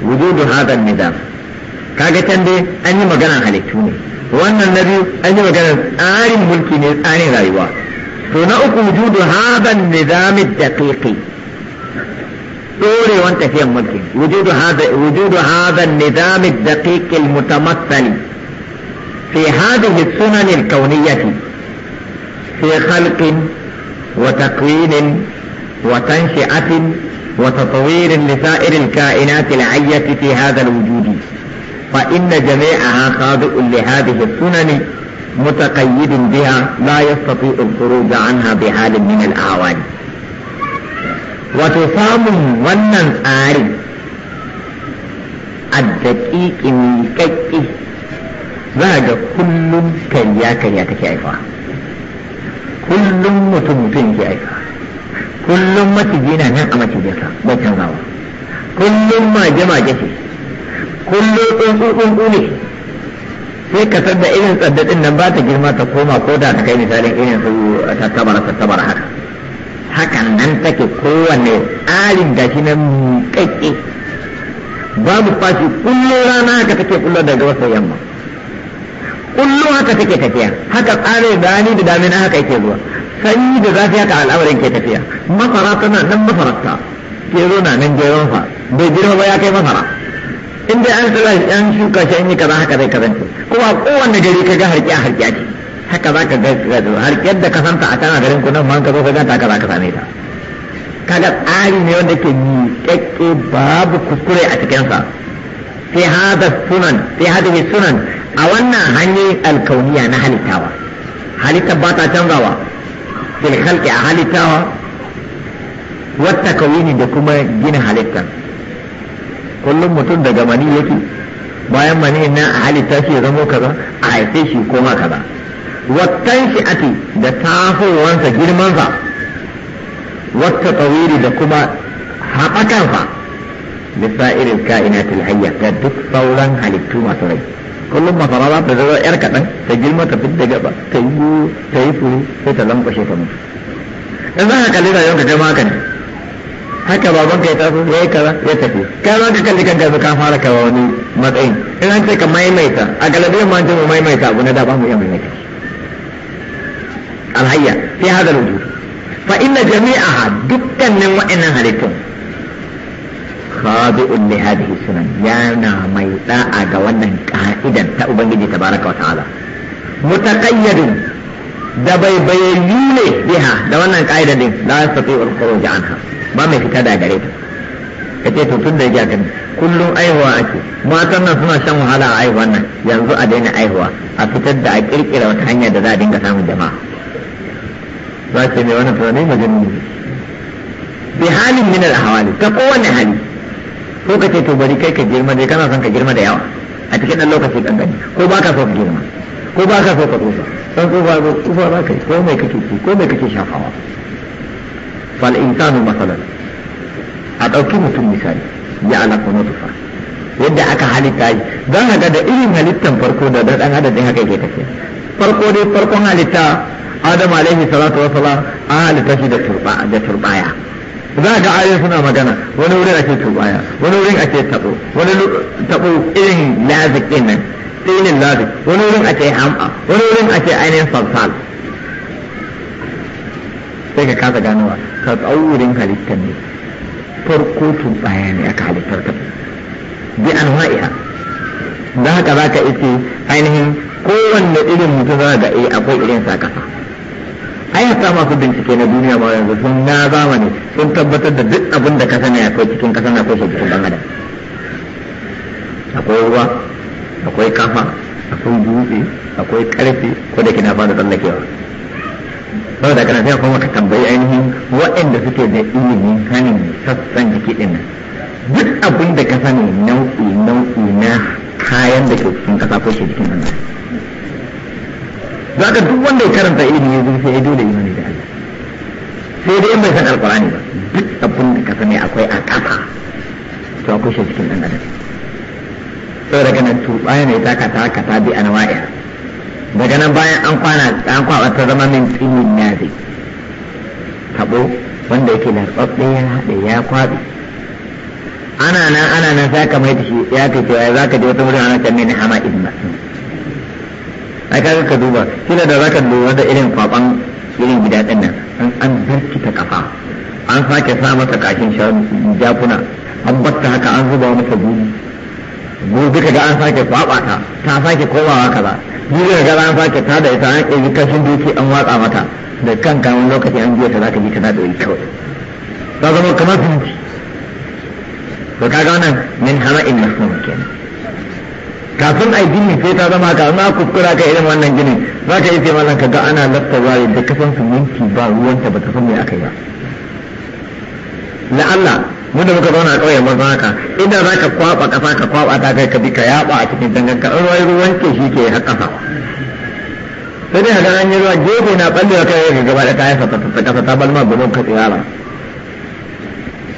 S1: wujudu nizam kaga can dai an yi magana halittu ne wannan na biyu an yi magana tsarin mulki ne tsarin rayuwa to na uku wujudu hadan nizami daqiqi dorewan tafiyan mulki wujudu hada wujudu hada nizam ad-daqiq al-mutamassal fi hadhihi as-sunan al-kawniyyah fi khalqin wa taqwinin wa tanshi'atin wa tatawir li sa'ir al-kainat al فإن جميعها خاضع لهذه السنن متقيد بها لا يستطيع الخروج عنها بحال من الأعوان وتصام ونن آري الدقيق من ميكيك زاد كل كريا كريا تكيفا كل متمتن كيفا كل ما تجينا نعمة جيسا بيتنا كل ما جمع جيسي kullum tsuntsu tsuntsu ne sai ka da irin tsaddadin nan ba ta girma ta koma ko da ta kai misalin irin su ta tabara haka hakan nan take kowanne tsarin shi na kakke babu fashi kullum rana haka take kullum daga wasu yamma kullum haka take tafiya haka tsarin rani da damina haka yake zuwa sanyi da zafi haka al'amarin ke tafiya masara tana nan masararta ke zo na nan jeron fa bai girma ba ya kai masara in dai an tsira an shuka shi an yi kaza haka zai kasance kuma a kowanne gari ka ga harkiya harkiya ce haka za ka ga harkiyar da ka santa a kana garin kunan ma ka zo ka ganta haka za ka same ta kaga tsari ne wanda ke miƙaƙƙe babu kuskure a cikinsa sai hada sunan sai hada sunan a wannan hanyar alkauniya na halittawa halittar ba ta canzawa bil khalqi a halittawa wata kawini da kuma gina halittar kullum mutum daga mani yake bayan mani na a halitta shi ya zamo kaza a haife shi koma kaza wattan shi ake da tahowansa girmansa wata tsawiri da kuma haɓakansa da sa'irin ta hayya ga duk sauran halittu masu rai kullum masara za ta zama yar kaɗan ta girma ta fit da gaba ta yi furu sai ta lankwashe ta mutu in za ka kalli rayuwar ka kai maka ne haka baban kai taso ya yi kaza ya tafi kai ma ka kalli kanka ka fara kawa wani matsayin in an ce ka maimaita a galibin ma mu maimaita abu na da ba mu iya maimaita alhayya fi hadal wujud fa inna jami'aha dukkanin wa'annan halittun khadi'un li hadhihi sunan yana mai da'a ga wannan ka'idan ta ubangiji tabaraka wa ta'ala mutaqayyidun da bai bayyane biha da wannan ka'idan din la yastati'u al-khuruj anha ba mai fita da gare ta ce to tun da ya kan kullum aihuwa ake matan nan suna shan wahala a aihuwan nan yanzu a daina aihuwa a fitar da a kirkira wata hanya da za a dinga samun jama'a za ce mai wani tunani majalmi bi halin min al hawali ta kowane hali ko ka ce to bari kai ka girma dai kana son ka girma da yawa a cikin dan lokaci kan gani ko ba ka so ka girma ko ba ka so ka tsufa san tsufa tsufa ba kai ko mai kake ko mai kake shafawa fal insanu masalan a dauki mutum misali ya ala kuma tufa yadda aka halitta shi don haka da irin halittan farko da da dan adadin haka yake tafiya farko dai farkon halitta adam alaihi salatu wasalam an halitta shi da turba da turbaya za ga ayoyi suna magana wani wurin ake turbaya wani wurin ake tabo wani tabo irin lazik nan tsinin lazik wani wurin ake ham'a wani wurin ake ainihin salsal sai ka kasa ganowa ka tsaurin halitta ne farko tun tsaya ne aka halittar ka bi an wa'iha da haka za ka ita ainihin kowanne irin mutum za ga eh akwai irin sa kasa ai hasa masu bincike na duniya ma yanzu sun na zamani sun tabbatar da duk abin da kasa ne akwai cikin kasa na akwai cikin dan akwai ruwa akwai kafa akwai dutse akwai karfe ko da kina fara tsallakewa saboda kana sai kuma ka tambayi ainihin waɗanda suke da ilimin sanin sassan jiki ɗin duk abin da ka sani nau'i nau'i na kayan da ke cikin kasa ko shi jikin Allah za ka duk wanda ya karanta ilimi ya sai ya dole imani da Allah sai dai in bai san alkurani ba duk abin da ka sani akwai a kafa to akwai shi cikin ɗan adam saboda kana tuɓa ne ta ka ta ka ta bi a nawa'iya daga nan bayan an kwana an kwana ta zama min tsinin nazi kabo wanda yake lantsatse ya haɗe ya kwabi ana nan ana nan za ka mai shi ya ka ce za ka je wata wurin ana can mini hama ibn ai kaga ka duba kila da za ka lura da irin kwaban irin gida ɗin nan an an ta kafa an sake sa masa kashin shanu jafuna an batta haka an zuba masa buri gobe ka ga an sake kwaba ta ta sake komawa kaza gobe ka ga an sake ta da ita an ɗauki kashin duki an watsa mata da kan kamun lokaci an biya ta za ka ji tana da kawai ta zama kamar tunci to ka ga wannan min in masnun kenan kafin ai gini sai ta zama ka na kuskura ka irin wannan gini za ka yi sai mallan ka ga ana lafta zai da kasan su minti ba ruwanta ba ta san me aka yi ba la'alla mu da muka zauna a ƙauyen mun haka inda za ka kwaba kafa ka kwaba ta kai ka bi ka yaba a cikin dangan ka in wai ruwan ke shi ke har kafa sai dai haka an yi ruwa gefe na ballewa kai ga gaba da kayan sa ta ƙasa ta balma gudun ka tsirara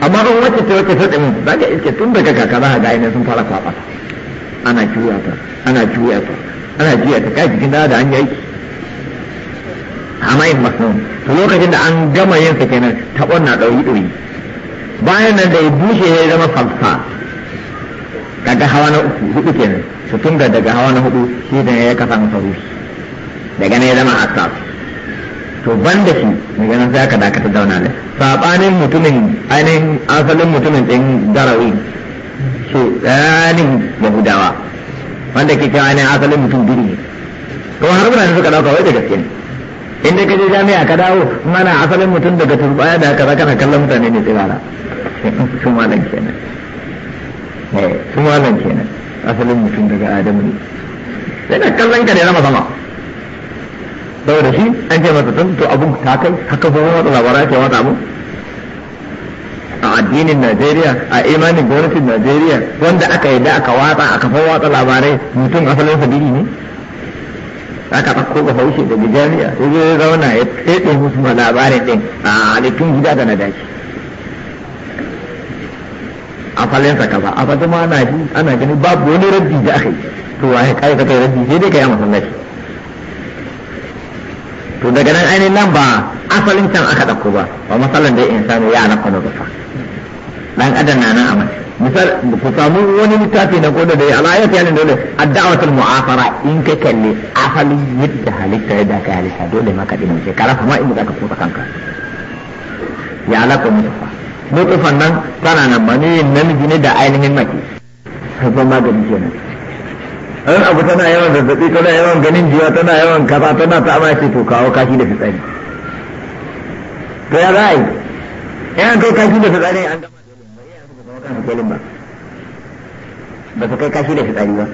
S1: amma in wacce ta wacce ta tsamin za ka iske tun daga kaka za ka ga ainihin sun fara kwaba ana juya ta ana juya ta ana juya ta kai jikin da an yi aiki amma in masu to lokacin da an gama yin sa kenan taɓon na ɗauyi ɗauyi bayan nan da ya bushe ya zama falsa daga hawa na hudu kenan su da daga hawa na hudu shi da ya kafa masa faru. daga ne ya zama asas to ban da shi mai ganin sai aka dakata da wani alai mutumin ainihin asalin mutumin ɗin darawi su tsanin yahudawa wanda ke cewa ainihin asalin mutum biri to har mutane suka dauka wai da gaske ne inda ka je jami'a ka dawo mana asalin mutum daga turbaya da haka kana kallon mutane ne tsirara su malam kenan eh, su malam kenan asalin mutum daga adamu ne na kallon ka da yana sama saboda shi an ce masa tun to abun ta kai haka ko wata labara ce wata abu a addinin Najeriya a imanin gwamnatin Najeriya wanda aka yi da aka watsa aka fa watsa labarai mutum asalin sabili ne aka ɗauko ga haushe daga jami'a sai zai zauna ya feɗe musu ma labarin ɗin a halittun gida da na daji a falensa kaza a fata ma ana ji ana gani babu wani rabbi da aka yi to wa ya kai kai rabbi sai dai kai a masallaci to daga nan ainihin nan ba asalin can aka ɗauko ba ba masalan da insani ya na kwano da fa dan adam na nan amma misal ku samu wani littafi na koda da Allah ya nan dole ad mu'afara in ka kalle afali yadda halitta yadda ka halitta dole maka dinin sai kala kuma in zaka kuta kanka ya alaka mutafa mutafan nan tana nan ba ne namiji ne da ainihin eh, mace sabon magani kenan an abu tana yawan zazzabi tana yawan ganin jiwa tana yawan kafa, tana ta ce to kawo kashi da fitsari to ya za a yi yan kai kashi da fitsari an gama kan ba ba su kai kashi da fitsari ba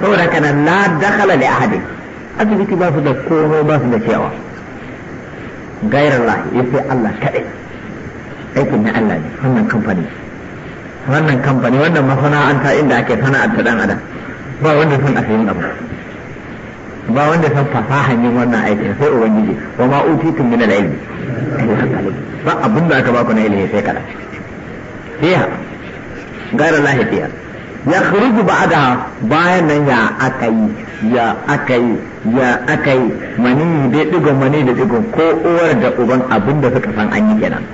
S1: saboda kana la dakhala li ahadin asibiti ba su da komai ba su da cewa gairar la yace Allah kadai aikin na Allah ne wannan kamfani wannan kamfani wannan masana'anta inda ake sana'ar ta dan adam ba wanda sun asirin abu ba wanda san fasaha yin wannan aikin sai ubangiji wa ma utitum min al-ilmi ba abin da aka baku na ilimi sai kada fiha gaira lahi fiha ya khuruju ba'da bayan nan ya akai ya akai ya akai mani da digo mani da ko uwar da uban abin da suka san an yi kenan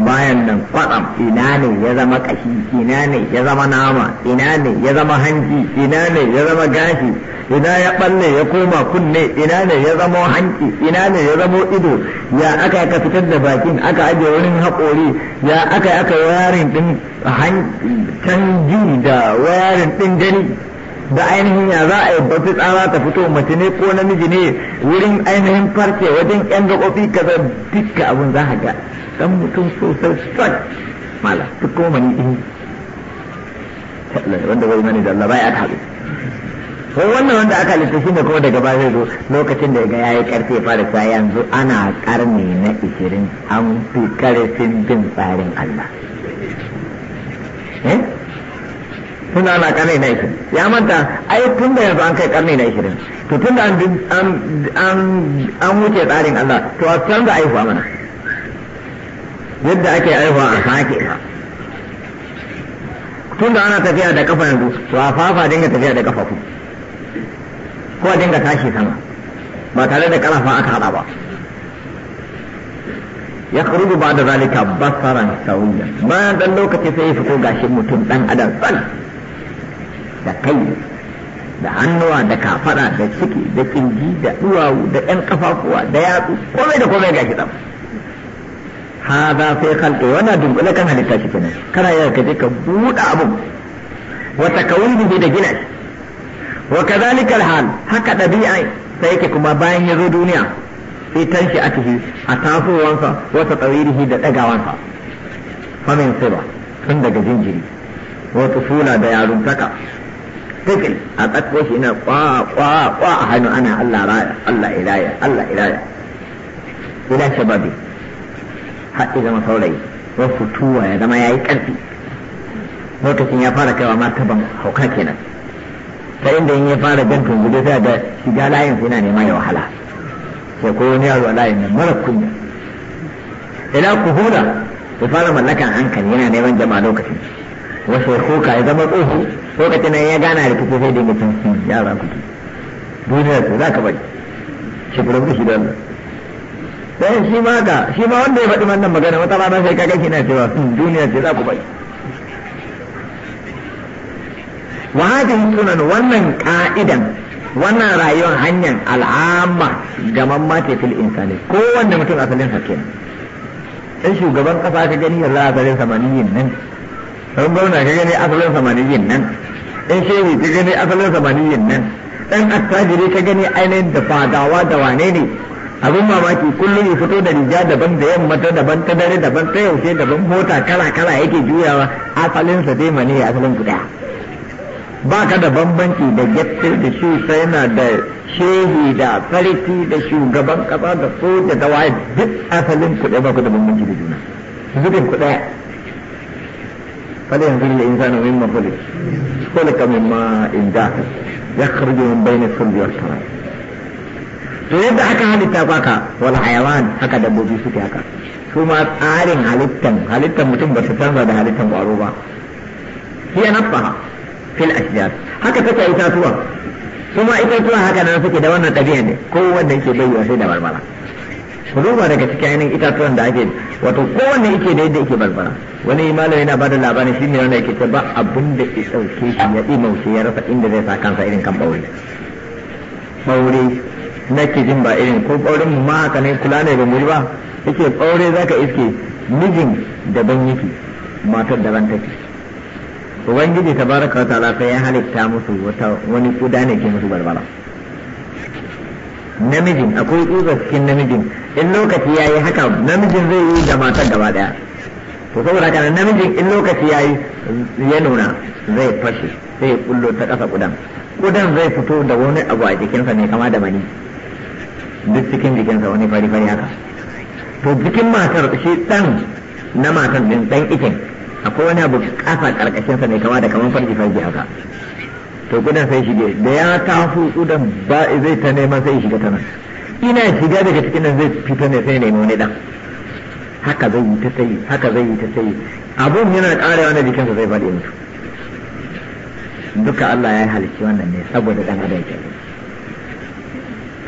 S1: bayan nan kwatsam ina ne ya zama kashi ina ne ya zama nama ina ne ya zama hanji ina ne ya zama gashi ina ya balle ya koma kunne ina ne ya zamo hanki ina ne ya zamo ido ya aka aka fitar da bakin aka ajiye wurin haƙori ya aka aka wayarin din canji da wayarin din gani da ainihin ya za a yi bafi tsara ta fito mace ne ko namiji ne wurin ainihin farce wajen yan gaɓoɓi kaza dukkan abin za a ga dan mutum sosai sosai mala duk kuma mani wanda bai mani da Allah bai a haɗu ko wannan wanda aka lissa shi ne kuma daga baya zai zo lokacin da ya yi karfe fara sa yanzu ana karni na ishirin an fi karfin bin tsarin Allah eh? tunda ana karni na ishirin ya manta ai tun da yanzu an kai karni na ishirin to tun da an wuce tsarin Allah to a san da aihuwa mana yadda ake aihuwa a sake ba tun da ana tafiya da kafa yanzu to a fafa dinga tafiya da kafafu ko a dinga tashi sama ba tare da karafa aka hada ba ya kurubu ba da zalika basaran sauriya bayan dan lokaci sai ya fito gashin mutum dan adam tsal da kai da hannuwa da kafada da ciki da kingi da duwawu da yan kafafuwa da yatsu komai da komai gashi dan hada sai khalqi wannan dunkule kan halitta shi kenan kana yau ka je ka buɗe abun wata kawun da gina wa kadhalika alhal haka dabi'a sai yake kuma bayan ya zo duniya sai tanshi a tihi a tasowansa wata tsawirihi da dagawansa famin siba tun daga jinjiri wata sula da yaruntaka tikil a tsakko shi na kwa kwa kwa a hannu ana Allah raya Allah ilaya Allah ilaya ila shababi haɗi zama saurayi wasu tuwa ya zama ya yi ƙarfi lokacin ya fara kaiwa martaban hauka kenan ta inda in ya fara jan guda sai da shiga layin sai na neman ya wahala sai ko wani yaro a layin nan mara kunya ila huda ya fara mallakan hankali yana neman jama'a lokacin wasu ya koka ya zama tsohu lokacin nan ya gana kuke sai dinga cin yara kuke duniya ku za ka bari shi kuma shi da Allah dan shi ma ga shi ma wanda ya faɗi wannan magana wata rana sai kaga na cewa hmm, duniya ce za ku bai wa hadhihi sunan wannan ka'idan wannan rayuwar hanyar al'amma ga mamma ce fil insani kowanne mutum asalin sa kenan in shugaban kasa ka gani yanzu samani yin nan in gwamna ka gani asalin yin nan in shehu ka gani asalin yin nan dan attajiri ka gani ainihin da fadawa da wane ne abin mamaki kullum ya fito da rija daban da yamma ta daban ta dare daban ta yaushe daban mota kala kala yake juyawa asalinsa dai mani asalin guda ba ka da bambanci da gyattar da shi sai na da shehi da sarki da shugaban kasa da soja da waye duk asalin kuɗe ba ku da bambanci da juna zubin kuɗi فلينظر الإنسان مما خلق خلق مما إن داخل يخرج من بين الصلب tara to yadda aka halitta ku haka wal hayawan haka dabbobi suke haka su ma tsarin halittan halittan mutum ba su canza da halittan ƙwaro ba hiya nafa fil ashjar haka take itatuwa kuma itatuwa haka nan suke da wannan tabi'a ne ko wanda yake wa sai da barbara ku duba daga cikin ainihin tuwan da ake wato ko wanda yake da yadda yake barbara wani malami yana bada labarin shi ne wanda yake ce ba abin da ke ɗauke shi ya ɗi ya rasa inda zai sa kansa irin kan ɓaure ɓaure na ke jin ba irin ko ɓaurin mu ma haka ne kula ne ba mu ba yake ɓaure zaka iske mijin daban yake matar da daban take ubangiji tabaraka ta'ala alaƙa ya halitta musu wata wani kuda ne ke musu barbara namijin akwai kuda cikin namijin in lokaci yi haka namijin zai yi da mata gaba daya to saboda haka namijin in lokaci yi ya nuna zai fashe sai kullo ta kasa kudan kudan zai fito da wani abu a jikinsa ne kama da mani duk cikin jikinsa wani fari fari haka to jikin matar shi dan na matan din dan ikin akwai wani abu kafa karkashin sa ne kama da kaman farji farji haka to gudan sai shige da ya tafu udan ba zai ta nema sai shiga ta nan ina shiga daga cikin nan zai fita ne sai nemi wani dan haka zai yi ta sai haka zai yi ta sai abun yana karewa na sa zai faɗi mutu duka Allah ya halicci wannan ne saboda dan adam ke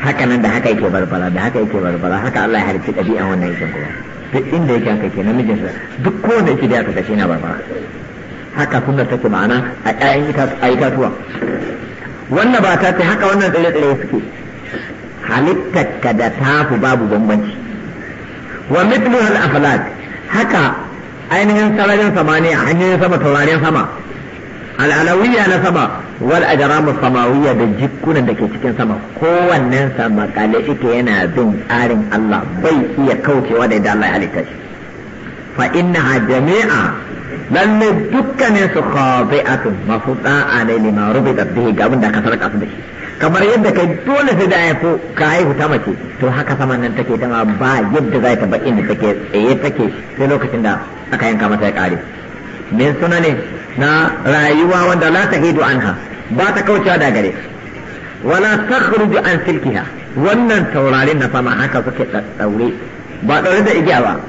S1: haka nan da haka yake barbara da haka yake barbara haka Allah ya halicci ɗabi'a wannan yake kuma duk inda yake aka ke namijinsa duk kowane yake da aka kashe na barba haka sunnar take ma'ana a ƴaƴan itatuwa wannan ba ta ce haka wannan tsire-tsire suke halittarka da tafi babu bambanci wa mithlu al aflak haka ainihin sararin samaniya hanyoyin sama taurarin sama al'alawiyya na sama wal ajramu samawiyya da jikunan da ke cikin sama kowannen sa makale ike yana bin tsarin Allah bai iya kaucewa da idan Allah ya halitta shi fa innaha jami'a lalle dukkanin su khadi'atun masu da'a ne lima rubita bihi ga abin da ka sarka su da shi kamar yadda kai dole sai da aiko ka haihu ta mace to haka saman nan take dama ba yadda za ta ba inda take tsaye take sai lokacin da aka yanka mata ya kare min suna ne na rayuwa wanda la hidu anha ba ta kaucewa da gare wala khruju an silkiha wannan taurarin na fama haka suke daure ba daure da igiya ba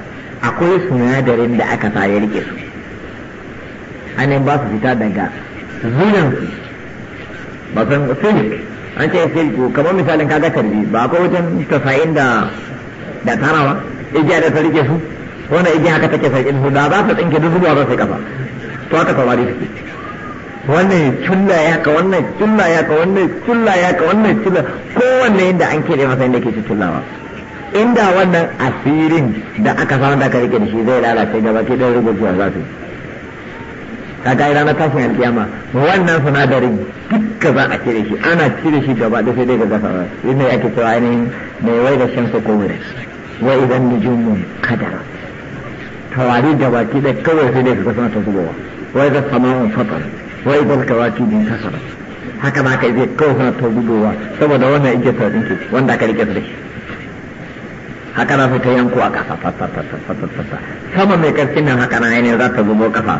S1: akwai sunadarin da aka sa ya rike su anan ba su fita daga zuyan su ba san silk an ce silk kamar misalin kaga tarbi ba akwai wajen tasa'in da da tarawa igiya da ta rike su wannan igiya haka take sarkin su da za su tsinke duk zuwa ba sai kafa to haka samari take wannan culla ya ka wannan culla ya ka wannan culla ya ka wannan culla kowanne inda an kere masa inda ke cullawa inda wannan asirin da aka samu da aka rike da shi zai lalace gaba ke dan rubutuwa za su kaga tafi an kiyama wannan sunadarin duka za a cire shi ana cire shi gaba da sai dai ga gasa inda yake cewa ainihin mai wai da shan ko wuri wa idan nujumun kadara tawari da baki da kawai sai dai ka suna ta zubowa wai da sama'un fatar wai da ka waki din kasara haka ma kai zai kawai suna ta zubowa saboda wannan yake ta dinki wanda ka rike sai haka na fita ta yanko a kasa fafafafafafafa sama mai karfin nan haka na ne za ta zubo kafa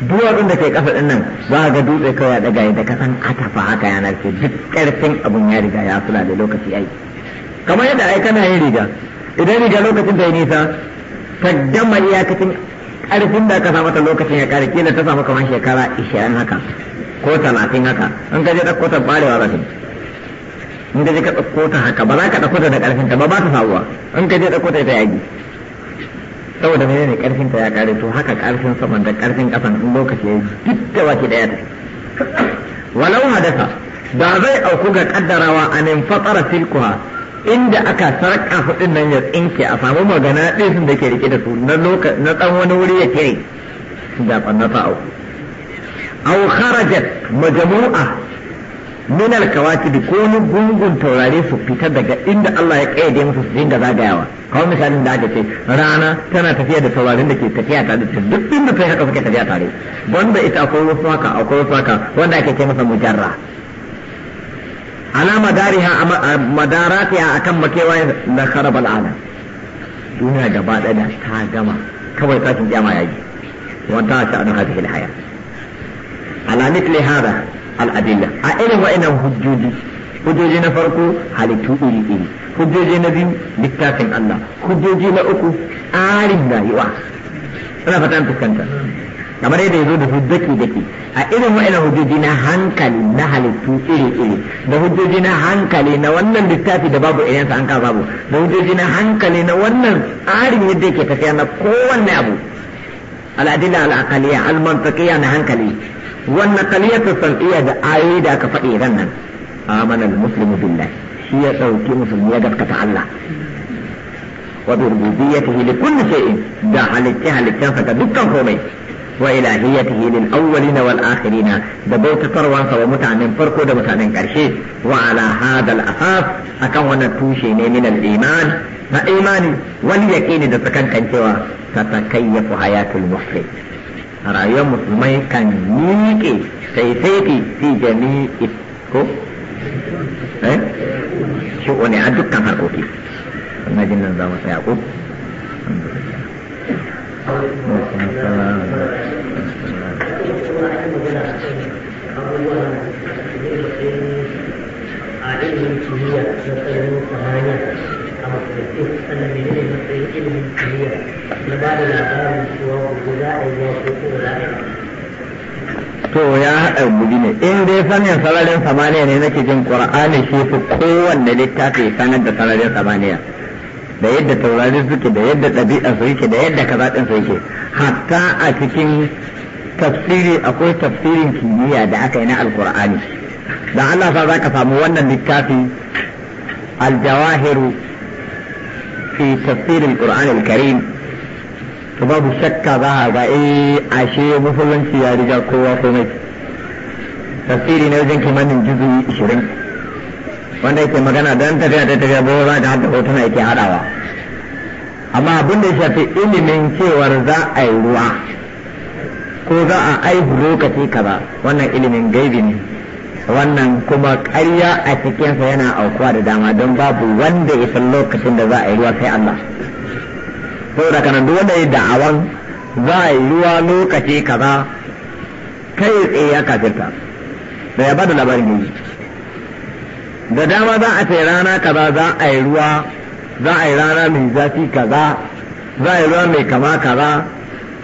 S1: duwatsun da ke kasa din nan za ga dutse kawai daga da kasan atafa haka yana ce duk karfin abun ya riga ya sula da lokaci ai kamar yadda ai kana yin riga idan riga lokacin da ya nisa faddama iyakacin karfin da ka samu ta lokacin ya kare kila ta samu kamar shekara 20 haka ko talatin haka in ka je ɗauko ta barewa ba ta in ka je ka dauko ta haka ba za ka dauko ta da karfin ta ba ba ta faruwa in ka je ɗauko ta ta yagi saboda mene ne karfin ta ya kare to haka karfin saman da karfin kasan in lokaci ya duk da wake daya ta walau hadasa da zai auku ga kaddarawa an fatara silkuha inda aka sarƙa hudun nan ya tsinke a samu magana ɗinsun da ke rike da su na na ɗan wani wuri ya su da fannata au au kharajat majmu'a min al-kawakib ko ni gungun taurare su fita daga inda Allah ya kayyade musu su dinga zagayawa kawai misalin da aka ce rana tana tafiya da taurarin da ke tafiya tare da duk inda ta haka suke tafiya tare banda ita akwai wasu haka akwai wasu haka wanda ake ce masa mujarra ala madariha madaratiha akan makewaye da kharabal alam duniya gaba ta gama kawai tashin kiyama ya yi wanda ta da hadhihi alhaya ala mithli hada al-adilla a irin wa'annan hujjoji hujjoji na farko halittu iri iri hujjoji na biyu littafin Allah hujjoji na uku tsarin rayuwa ina fatan fuskanta kamar yadda ya zo da da ke a irin wa'ina hujjoji na hankali na halittu iri iri da hujjoji na hankali na wannan littafi da babu irinsa an ka babu da hujjoji na hankali na wannan tsarin yadda yake tafiya na kowanne abu al'adila al'akaliya al na hankali wannan ta san'iyya da ayoyi da aka faɗi ran nan amana al-muslimu billah shi ya dauki musulmi ya gaskata Allah wa bi rububiyyatihi li kulli shay'in da halitta halitta ga dukkan komai وإلهيته للأولين والآخرين دبوت فروا ومتعن فرقو دمتعن كرشي وعلى هذا الأساس أكون توشي من الإيمان فإيماني واليقين دسكن كنتوا تتكيف حياة المسلم rayuwar musulmai kan miƙe saisaiti fi jami'i ko eh shi'uni a dukkan harkoki na jin nan za mu tsaya ko abubuwan da matsayin a ilimin kimiyya matsayin samaniya a makarantu sannan mene ne na matsayin ilimin kimiyya na ba da labarin cewa gobe za a yi wa ko ko za a to ya haɗa guri ne in dai sanin sararin samaniya ne nake jin ƙur'ani shi fi kowanne littafi sanar da sararin samaniya da yadda taurari suke da yadda ɗabi'a su yake da yadda kaza ɗin su yake hatta a cikin tafsiri akwai tafsirin kimiyya da aka yi na alkur'ani dan Allah sa za ka samu wannan littafi aljawahiru fi tafsirin qur'an alkarim to babu shakka za a ga eh ashe musulunci ya riga kowa komai tafsiri na wajen kimanin juzuyi ishirin wanda yake magana don tafiya ta tafiya ba za ta hada hotuna yake hadawa amma abin da ya shafi ilimin cewar za a yi ruwa ko za a aihu lokaci kaza wannan ilimin gaibi ne wannan kuma karya a cikinsa yana aukuwa da dama don babu wanda ya san lokacin da za a yi ruwa sai Allah saboda kana duk wanda ya da'awan za a yi ruwa lokaci kaza kai tsaye ya kafirta da ya ba da labarin yi da dama za a ce rana kaza za a yi ruwa za a yi rana mai zafi kaza za a yi ruwa mai kama kaza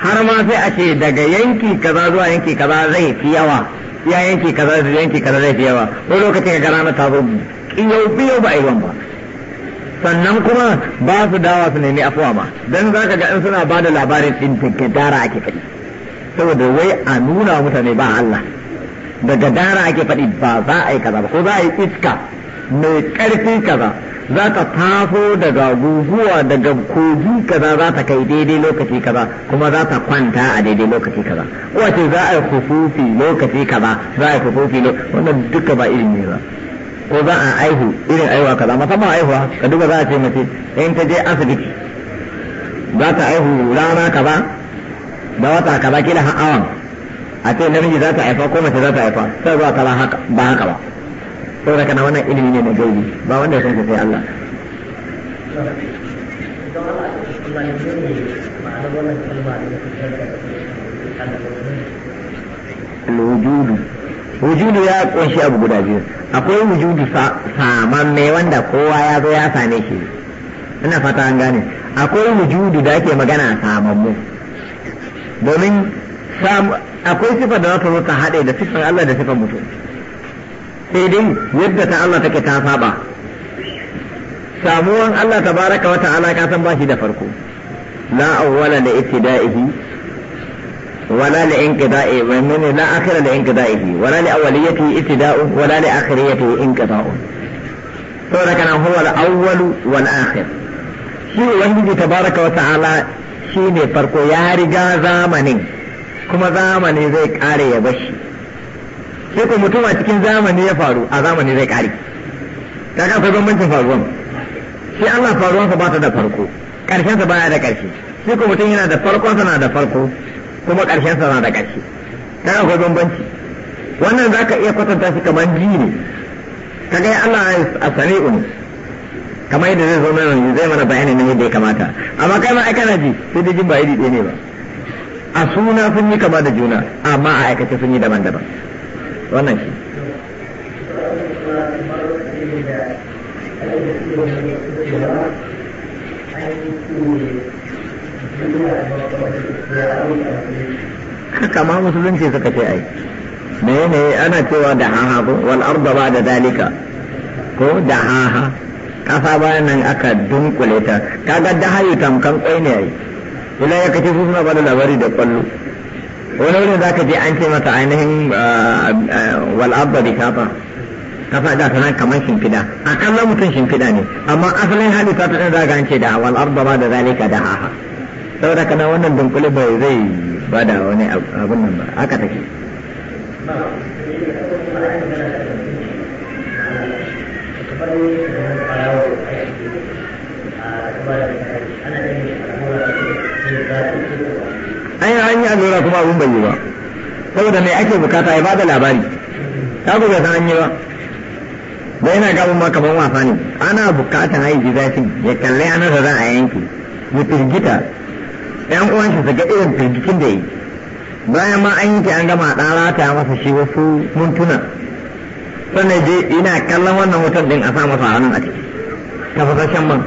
S1: har ma sai a ce daga yanki kaza zuwa yanki kaza zai fi yawa ya yanki kaza zuwa yanki kaza zai fi yawa ko lokacin ga rana ta zo kiyau ba a yi ba sannan kuma ba su dawa su nemi afuwa ma dan za ka ga in suna ba da labarin ɗin dara ake faɗi saboda wai a nuna mutane ba Allah daga dara ake faɗi ba za a yi kaza ba ko za a yi iska mai ƙarfi kaza za ta tafo daga guguwa daga kogi kaza za ta kai daidai lokaci kaza kuma za ta kwanta a daidai lokaci kaza wace za a yi kusufi lokaci kaza za a yi ne wannan duka ba ne ba ko za a aihu irin aiwa kaza musamman aihuwa ka duba za a ce mace in ta je asibiti za ta aihu rana kaza da wata kaza kila har awan a ce namiji za ta aifa ko mace za ta aifa sai zuwa ta ba haka ba saboda kana wannan ilimi ne na gaibi ba wanda ya san sai Allah wujudu wujudu ya kunshi abu guda biyu akwai wujudu saman mai wanda kowa ya zo ya same shi ina fata an gane akwai wujudu da ake magana saman mu domin akwai sifa da wata ta zo haɗe da sifan Allah da sifan mutum sai dai yadda ta Allah take ta saba samuwan Allah tabaraka wa ta'ala ka san bashi da farko la awwala da ibtida'ihi wala li inqida'i wa min la akhira li inqida'ihi wala li awwaliyatihi ibtida'u wala li akhiriyatihi inqida'u saboda kana huwa al-awwalu wal akhir shi ubangiji tabaraka wa ta'ala shine farko ya riga zamanin kuma zamanin zai kare ya bashi sai ko mutum a cikin zamani ya faru a zamani zai kare ta ga akwai bambancin faruwan shi Allah faruwansa ba ta da farko Karshen sa baya da karshe Sai ko mutum yana da farkonsa na da farko kuma sa na da karshe ta akwai bambanci wannan za ka iya kwatanta shi kamar jini ne ka ga Allah a sani'un kamar yadda zai zo nan zai mana bayani ne yadda ya kamata amma kai ma kana ji sai da jin ba iri ɗaya ne ba a suna sun yi kama da juna amma a aikace sun yi daban-daban wannan shi haka ma musulunci suka ce ai ne ana cewa da haha ko wal arda ba da dalika ko da haha kasa bayan nan aka dunkule ta kaga da hayu tamkan kwai ne ai ila ya kace su suna bada labari da kwallo wani wurin za ka je an ce mata ainihin uh, wal'abba bi kafa kafa da sanan kamar shimfiɗa a kallon mutum shimfiɗa ne amma asalin hali ta tuɗin za ka an ce da wal'abba ba da zalika da haha saboda kana wannan dunkule bai zai ba da wani abin nan ba haka take Thank you. an yi an yi allura kuma abun bai yi ba saboda mai ake bukata ya bada labari ka ku bai san an ba da yana gaban ma kamar wasa ne ana bukatan ai ji zafin ya kalli ana da za a yanki mu firgita yan uwan shi ga irin firgitin da yi bayan ma an yanke an gama dan rata masa shi wasu mintuna sannan je ina kallon wannan wutar din a sa masa hannun a ciki tafasashen man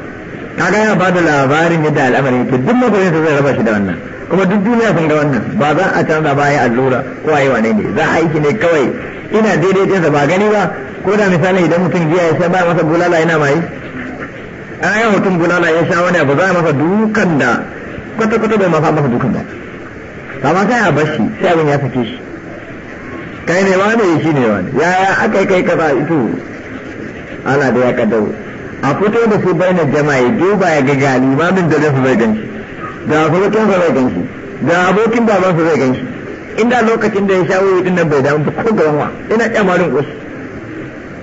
S1: kaga ya bada labarin yadda al'amarin yake duk mabarin zai raba shi da wannan kuma duk duniya sun ga wannan ba za a canza ba ya allura ko a yi wane ne za a aiki ne kawai ina daidai ɗinsa ba gani ba ko da misali idan mutum giya ya sha ba masa bulala yana mai an yi mutum bulala ya sha wani abu za a masa dukan da kwata-kwata bai masa masa dukan ba ma sai a bashi sai abin ya sake shi kai ne ne shi ne ya ya aka yi kai kaza ito ana da ya kadau a fito da su bayanan jama'a ya duba ya ga galiba min da zai su bai ganci da abokinsa zai ganshi da abokin babansa zai ganshi inda lokacin da ya sha wuyi din nan bai damu ko gaban wa ina kyamarin kusa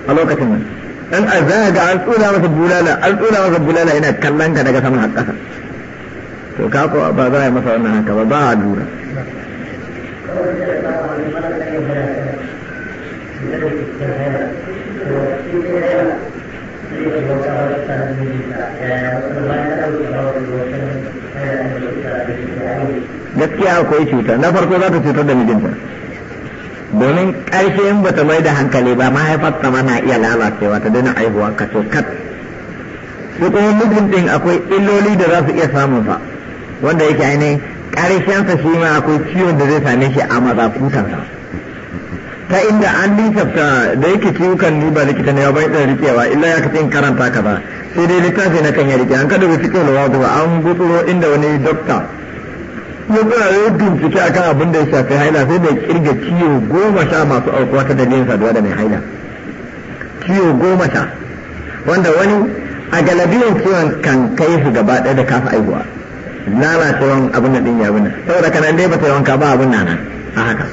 S1: a lokacin nan dan azza ga an tsura masa bulala an tsura masa bulala ina kallon ka daga sama har kasa to ka ko ba za a yi masa wannan haka ba ba a lura Thank you. gaskiya akwai cuta na farko za ta cutar da mijinta domin ƙarshe in bata mai da hankali ba mahaifarsa ma na iya lalacewa ta daina aihuwa ka ce kat su kuma mijin din akwai illoli da za su iya samun fa wanda yake ainihin ƙarshensa shi ma akwai ciwon da zai same shi a mazafutansa ta inda an lissafta da yake ciwukan ni ba likita ne bai tsari rikewa illa ya kace karanta ka ba sai dai littafi na kan ya rike an kada da cikin ba an gutsuro inda wani dokta ya zuwa ya bincike akan abin da ya shafi haila sai da kirga ciwo goma sha masu aukuwa ta dalilin saduwa da mai haila ciwo goma sha wanda wani a galabiyan ciwon kan kai su gaba ɗaya da kafa aihuwa lalacewan abin da ɗin ya abin saboda kanan dai ba ta yawanka ba abin nan a haka